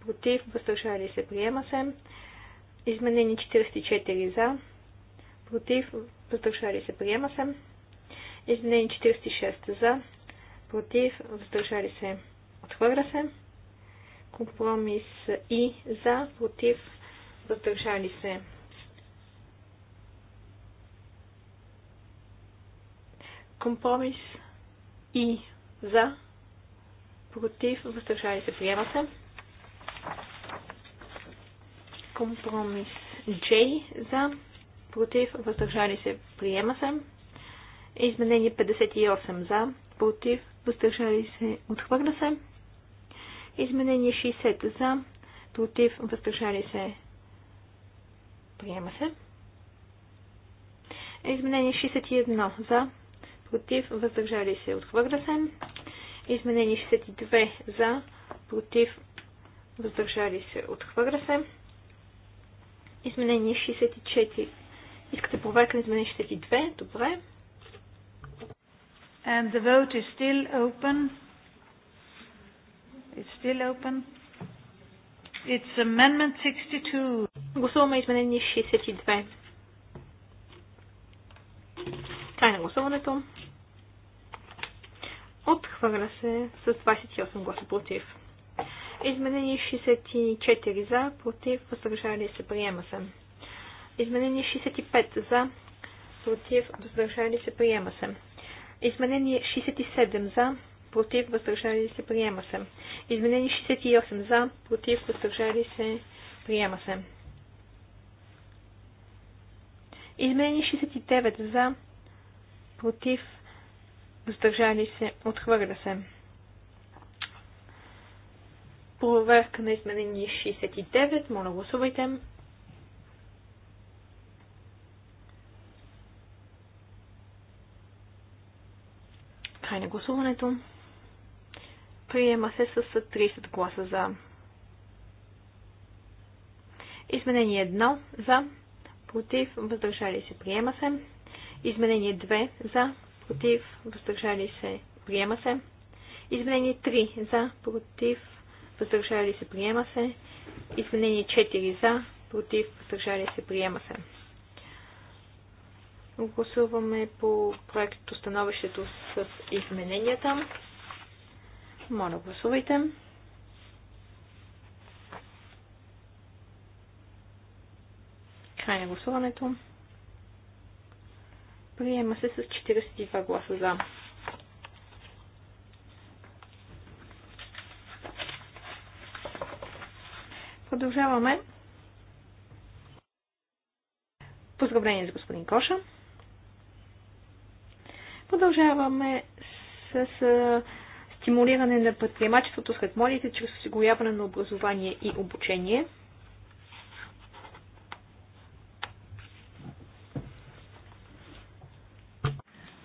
Speaker 1: против, въздържали се, приема се. изменени 44 за, против, въздържали се, приема се. Изменени 46 за, против, въздържали се, отхвърля се. Компромис и за, против, въздържали се. Компромис и за, против, въздържали се, приема се. Компромис J за, против, въздържали се, приема се. Изменение 58 за, против, въздържали се, отхвърля се. Изменение 60 за, против, въздържали се, приема се. Изменение 61 за, против, въздържали се, отхвърля се. Изменение 62 за, против, въздържали се, отхвърля се. Изменение 64. Искате проверка на изменение 62? Добре. And the vote is still open. It's still open. It's amendment 62. Гласуваме изменение 62. Край на гласуването. Отхвърля се с 28 гласа против. Изменени 64 за, против, въздържали се, приема се. Изменение 65 за, против, въздържали се, приема се. Изменение 67 за, против, въздържали се, приема се. Изменени 68 за, против, въздържали се, приема се. Изменени 69 за, против, въздържали се, отхвърля се. Проверка на изменение 69. Моля, гласувайте. Край на гласуването. Приема се с 30 гласа за. Изменение 1 за. Против. Въздържали се. Приема се. Изменение 2 за. Против. Въздържали се. Приема се. Изменение 3 за. Против въздържали се, приема се. Изменение 4 за, против, въздържали се, приема се. Гласуваме по проекто становището с измененията. Моля, гласувайте. Край на гласуването. Приема се с 42 гласа за. Продължаваме. Поздравление за господин Коша. Продължаваме с, с стимулиране на предприемачеството сред младите чрез осигуряване на образование и обучение.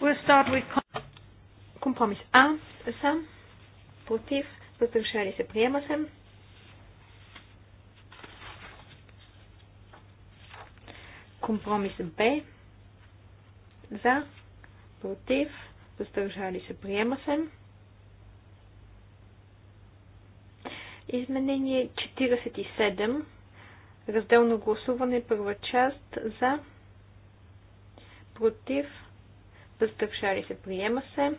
Speaker 1: We'll start with компромис А Сам против, въздържали се, приема се. Компромис Б. За. Против. Въздържали се. Приема се. Изменение 47. Разделно гласуване. Първа част. За. Против. Въздържали се. Приема се.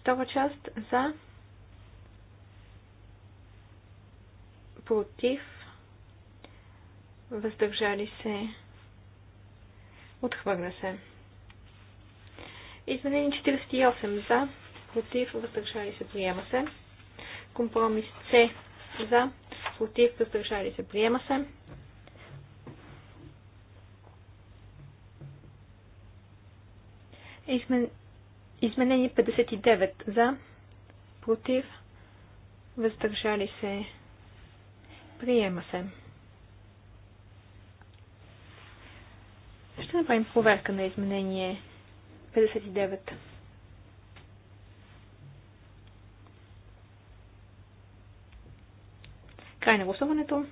Speaker 1: Втора част. За. Против въздържали се, отхвърля се. Изменение 48 за, против, въздържали се, приема се. Компромис С за, против, въздържали се, приема се. Измен... Изменение 59 за, против, въздържали се, приема се. Ще направим проверка на изменение 59. Край на гласуването.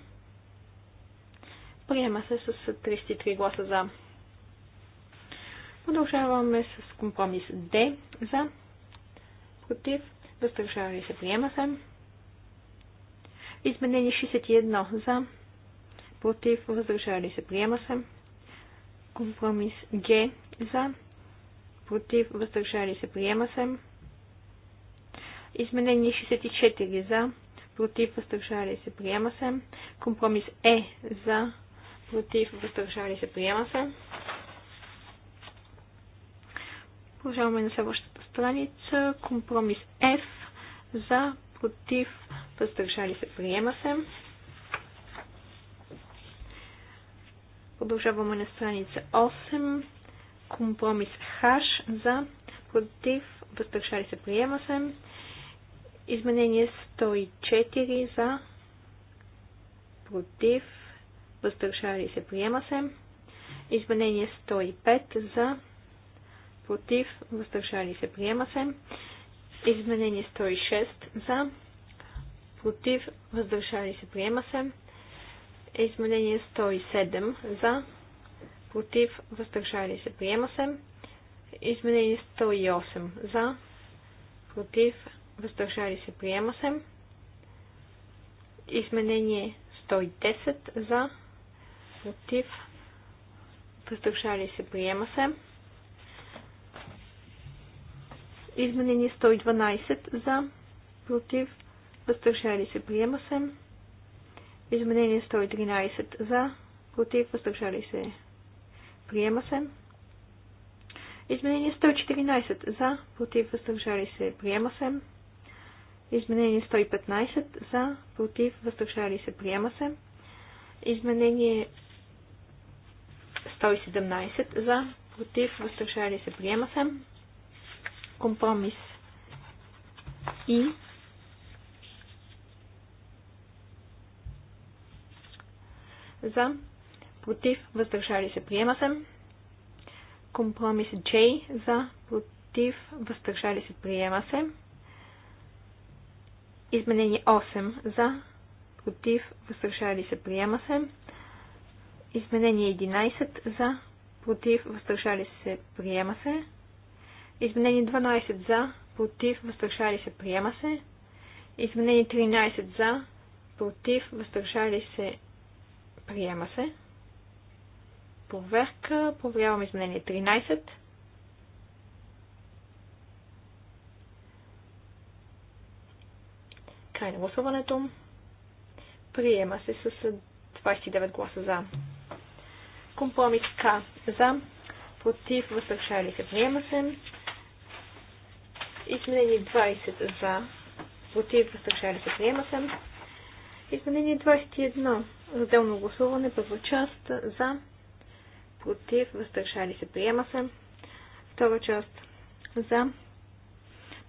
Speaker 1: Приема се с 33 гласа за. Продължаваме с компромис Д за. Против. Въздържали се. Приема се. Изменение 61 за. Против. Въздържали се. Приема се. Компромис Г за. Против. Въздържали се. Приема се. Изменение 64 за. Против. Въздържали се. Приема се. Компромис Е за. Против. Въздържали се. Приема се. Продължаваме на следващата страница. Компромис F за. Против. Въздържали се. Приема се. Продължаваме на страница 8. Компромис Хаш за, против, въздържали се, приема се. Изменение 104 за, против, въздържали се, приема се. Изменение 105 за, против, въздържали се, приема се. Изменение 106 за, против, въздържали се, приема се е изменение 107 за, против, въздържали се, приема се. Изменение 108 за, против, въздържали се, приема се. Изменение 110 за, против, въздържали се, приема се. Изменение 112 за, против, въздържали се, приема се. Изменение 113 за, против, въздържали се. Приема се. Изменение 114 за, против, въздържали се. Приема се. Изменение 115 за, против, въздържали се. Приема се. Изменение 117 за, против, въздържали се. Приема се. Компромис и за, против, въздържали се, приема се. Компромис J за, против, въздържали се, приема се. Изменение 8 за, против, въздържали се, приема се. Изменение 11 за, против, въздържали се, приема се. Изменение 12 за, против, въздържали се, приема се. Изменение 13 за, против, въздържали се, Приема се. Проверка. Проверявам изменение 13. Край на гласуването. Приема се с 29 гласа за. Компромис К за. Против. Въздържали се. Приема се. Изменение 20 за. Против. Въздържали се. Приема се. Изменение 21 Разделно гласуване, първа част за, против, въздържали се, приема се. Втора част за,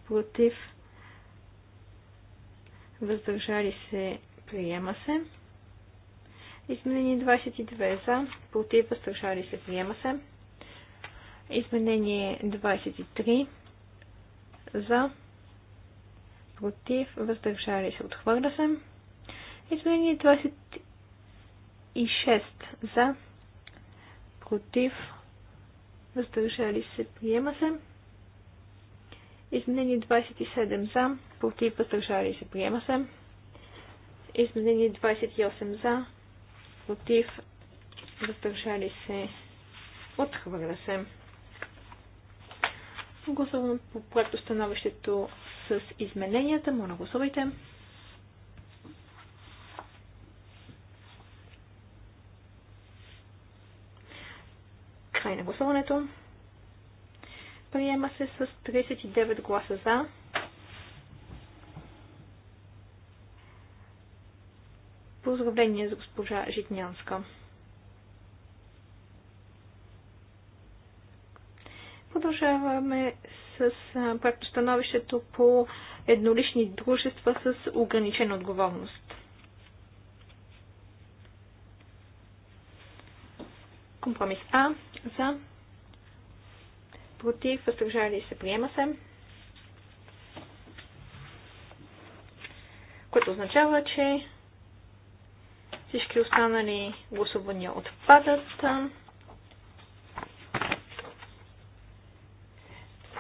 Speaker 1: против, въздържали се, приема се. Изменение 22 за, против, въздържали се, приема се. Изменение 23 за, против, въздържали се, отхвърля се. Изменение 24 106 за, против, въздържали се, приема се. Изменение 27 за, против, въздържали се, приема се. Изменение 28 за, против, въздържали се, отхвърля се. Гласувам по проекто становището с измененията. Моля, гласувайте. гласуването. Приема се с 39 гласа за. Поздравление за госпожа Житнянска. Продължаваме с становището по еднолични дружества с ограничена отговорност. Компромис А за против, въздържали се, приема се. Което означава, че всички останали гласувания отпадат.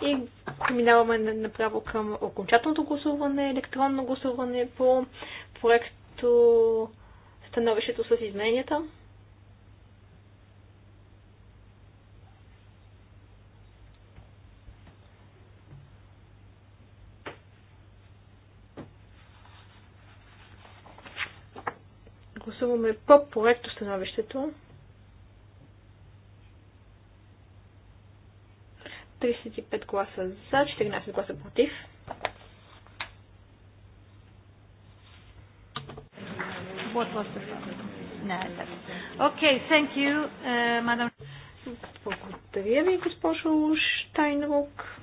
Speaker 1: И преминаваме направо към окончателното гласуване, електронно гласуване по проекто становището с измененията. гласуваме по проекто становището. 35 гласа за, 14 гласа против. What was the no, thank you, uh, madam. Благодаря ви, госпожо Штайнрук.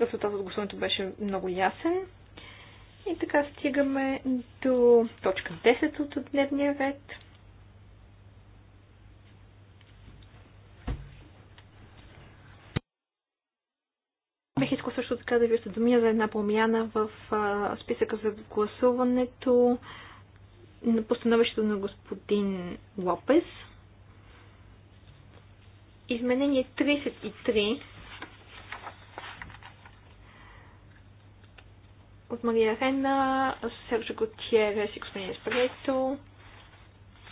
Speaker 1: Резултатът от гласуването беше много ясен. И така стигаме до точка 10 от дневния ред. Бих искал също така да ви осведомя за една промяна в списъка за гласуването на постановището на господин Лопес. Изменение 33 от Мария Рена, Серджо Готиерес и господин Спрето.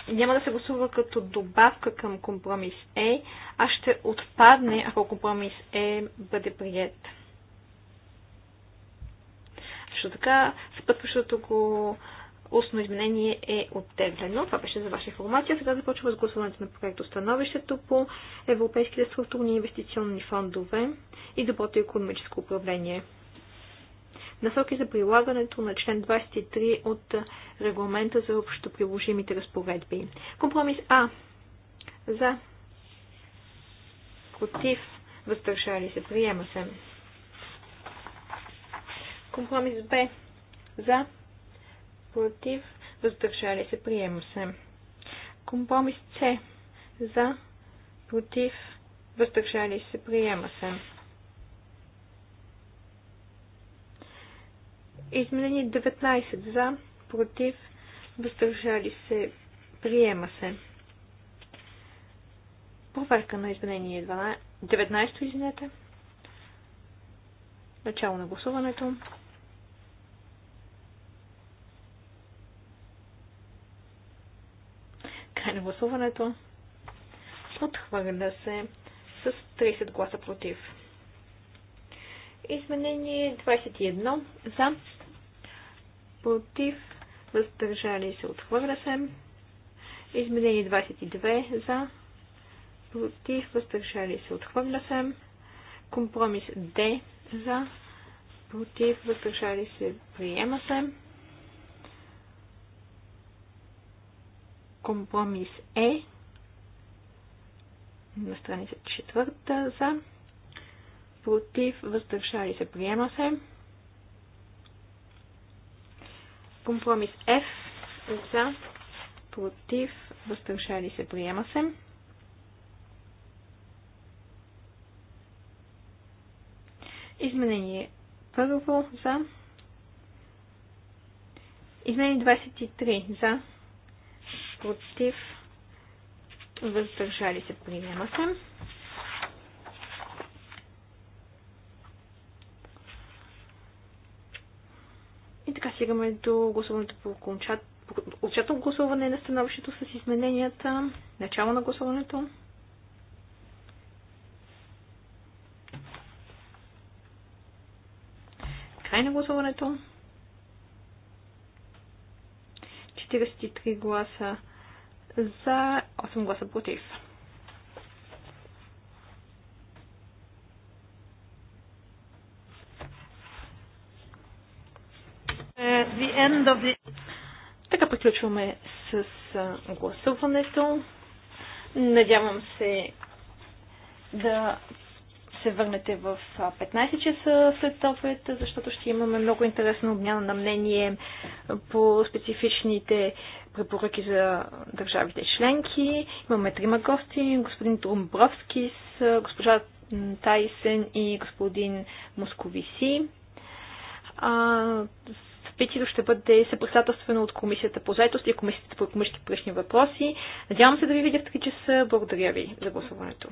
Speaker 1: Няма да се гласува като добавка към компромис Е, а ще отпадне, ако компромис Е бъде прият. Също така, спътващото го устно изменение е оттеглено. Това беше за ваша информация. Сега започва с гласуването на проекта становището по европейските структурни инвестиционни фондове и доброто економическо управление насоки за прилагането на член 23 от регламента за общо приложимите разпоредби. Компромис А. За. Против. Въздържали се. Приема се. Компромис Б. За. Против. Въздържали се. Приема се. Компромис С. За. Против. Въздържали се. Приема се. Изменение 19 за, против, въздържали се, приема се. Проверка на изменение 12, 19, извинете. Начало на гласуването. Край на гласуването. Отхвърля се с 30 гласа против. Изменение 21 за против, въздържали се, отхвърля се. Изменение 22 за, против, въздържали се, отхвърля се. Компромис Д за, против, въздържали се, приема се. Компромис Е на страница четвърта за, против, въздържали се, приема се. Компромис F за, против, възтършали се, приема се. Изменение първо за. Изменение 23 за, против, въздържали се, приема се. И така стигаме до гласуването по отчетно гласуване на становището с измененията, начало на гласуването. Край на гласуването. 43 гласа за, 8 гласа против. the... Така приключваме с гласуването. Надявам се да се върнете в 15 часа след обед, защото ще имаме много интересна обмяна на мнение по специфичните препоръки за държавите членки. Имаме трима гости, господин Трумбровски, госпожа Тайсен и господин Московиси. А, питието ще бъде съпредседателствено от Комисията по заедост и Комисията по економически прилични въпроси. Надявам се да ви видя в 3 часа. Благодаря ви за гласуването.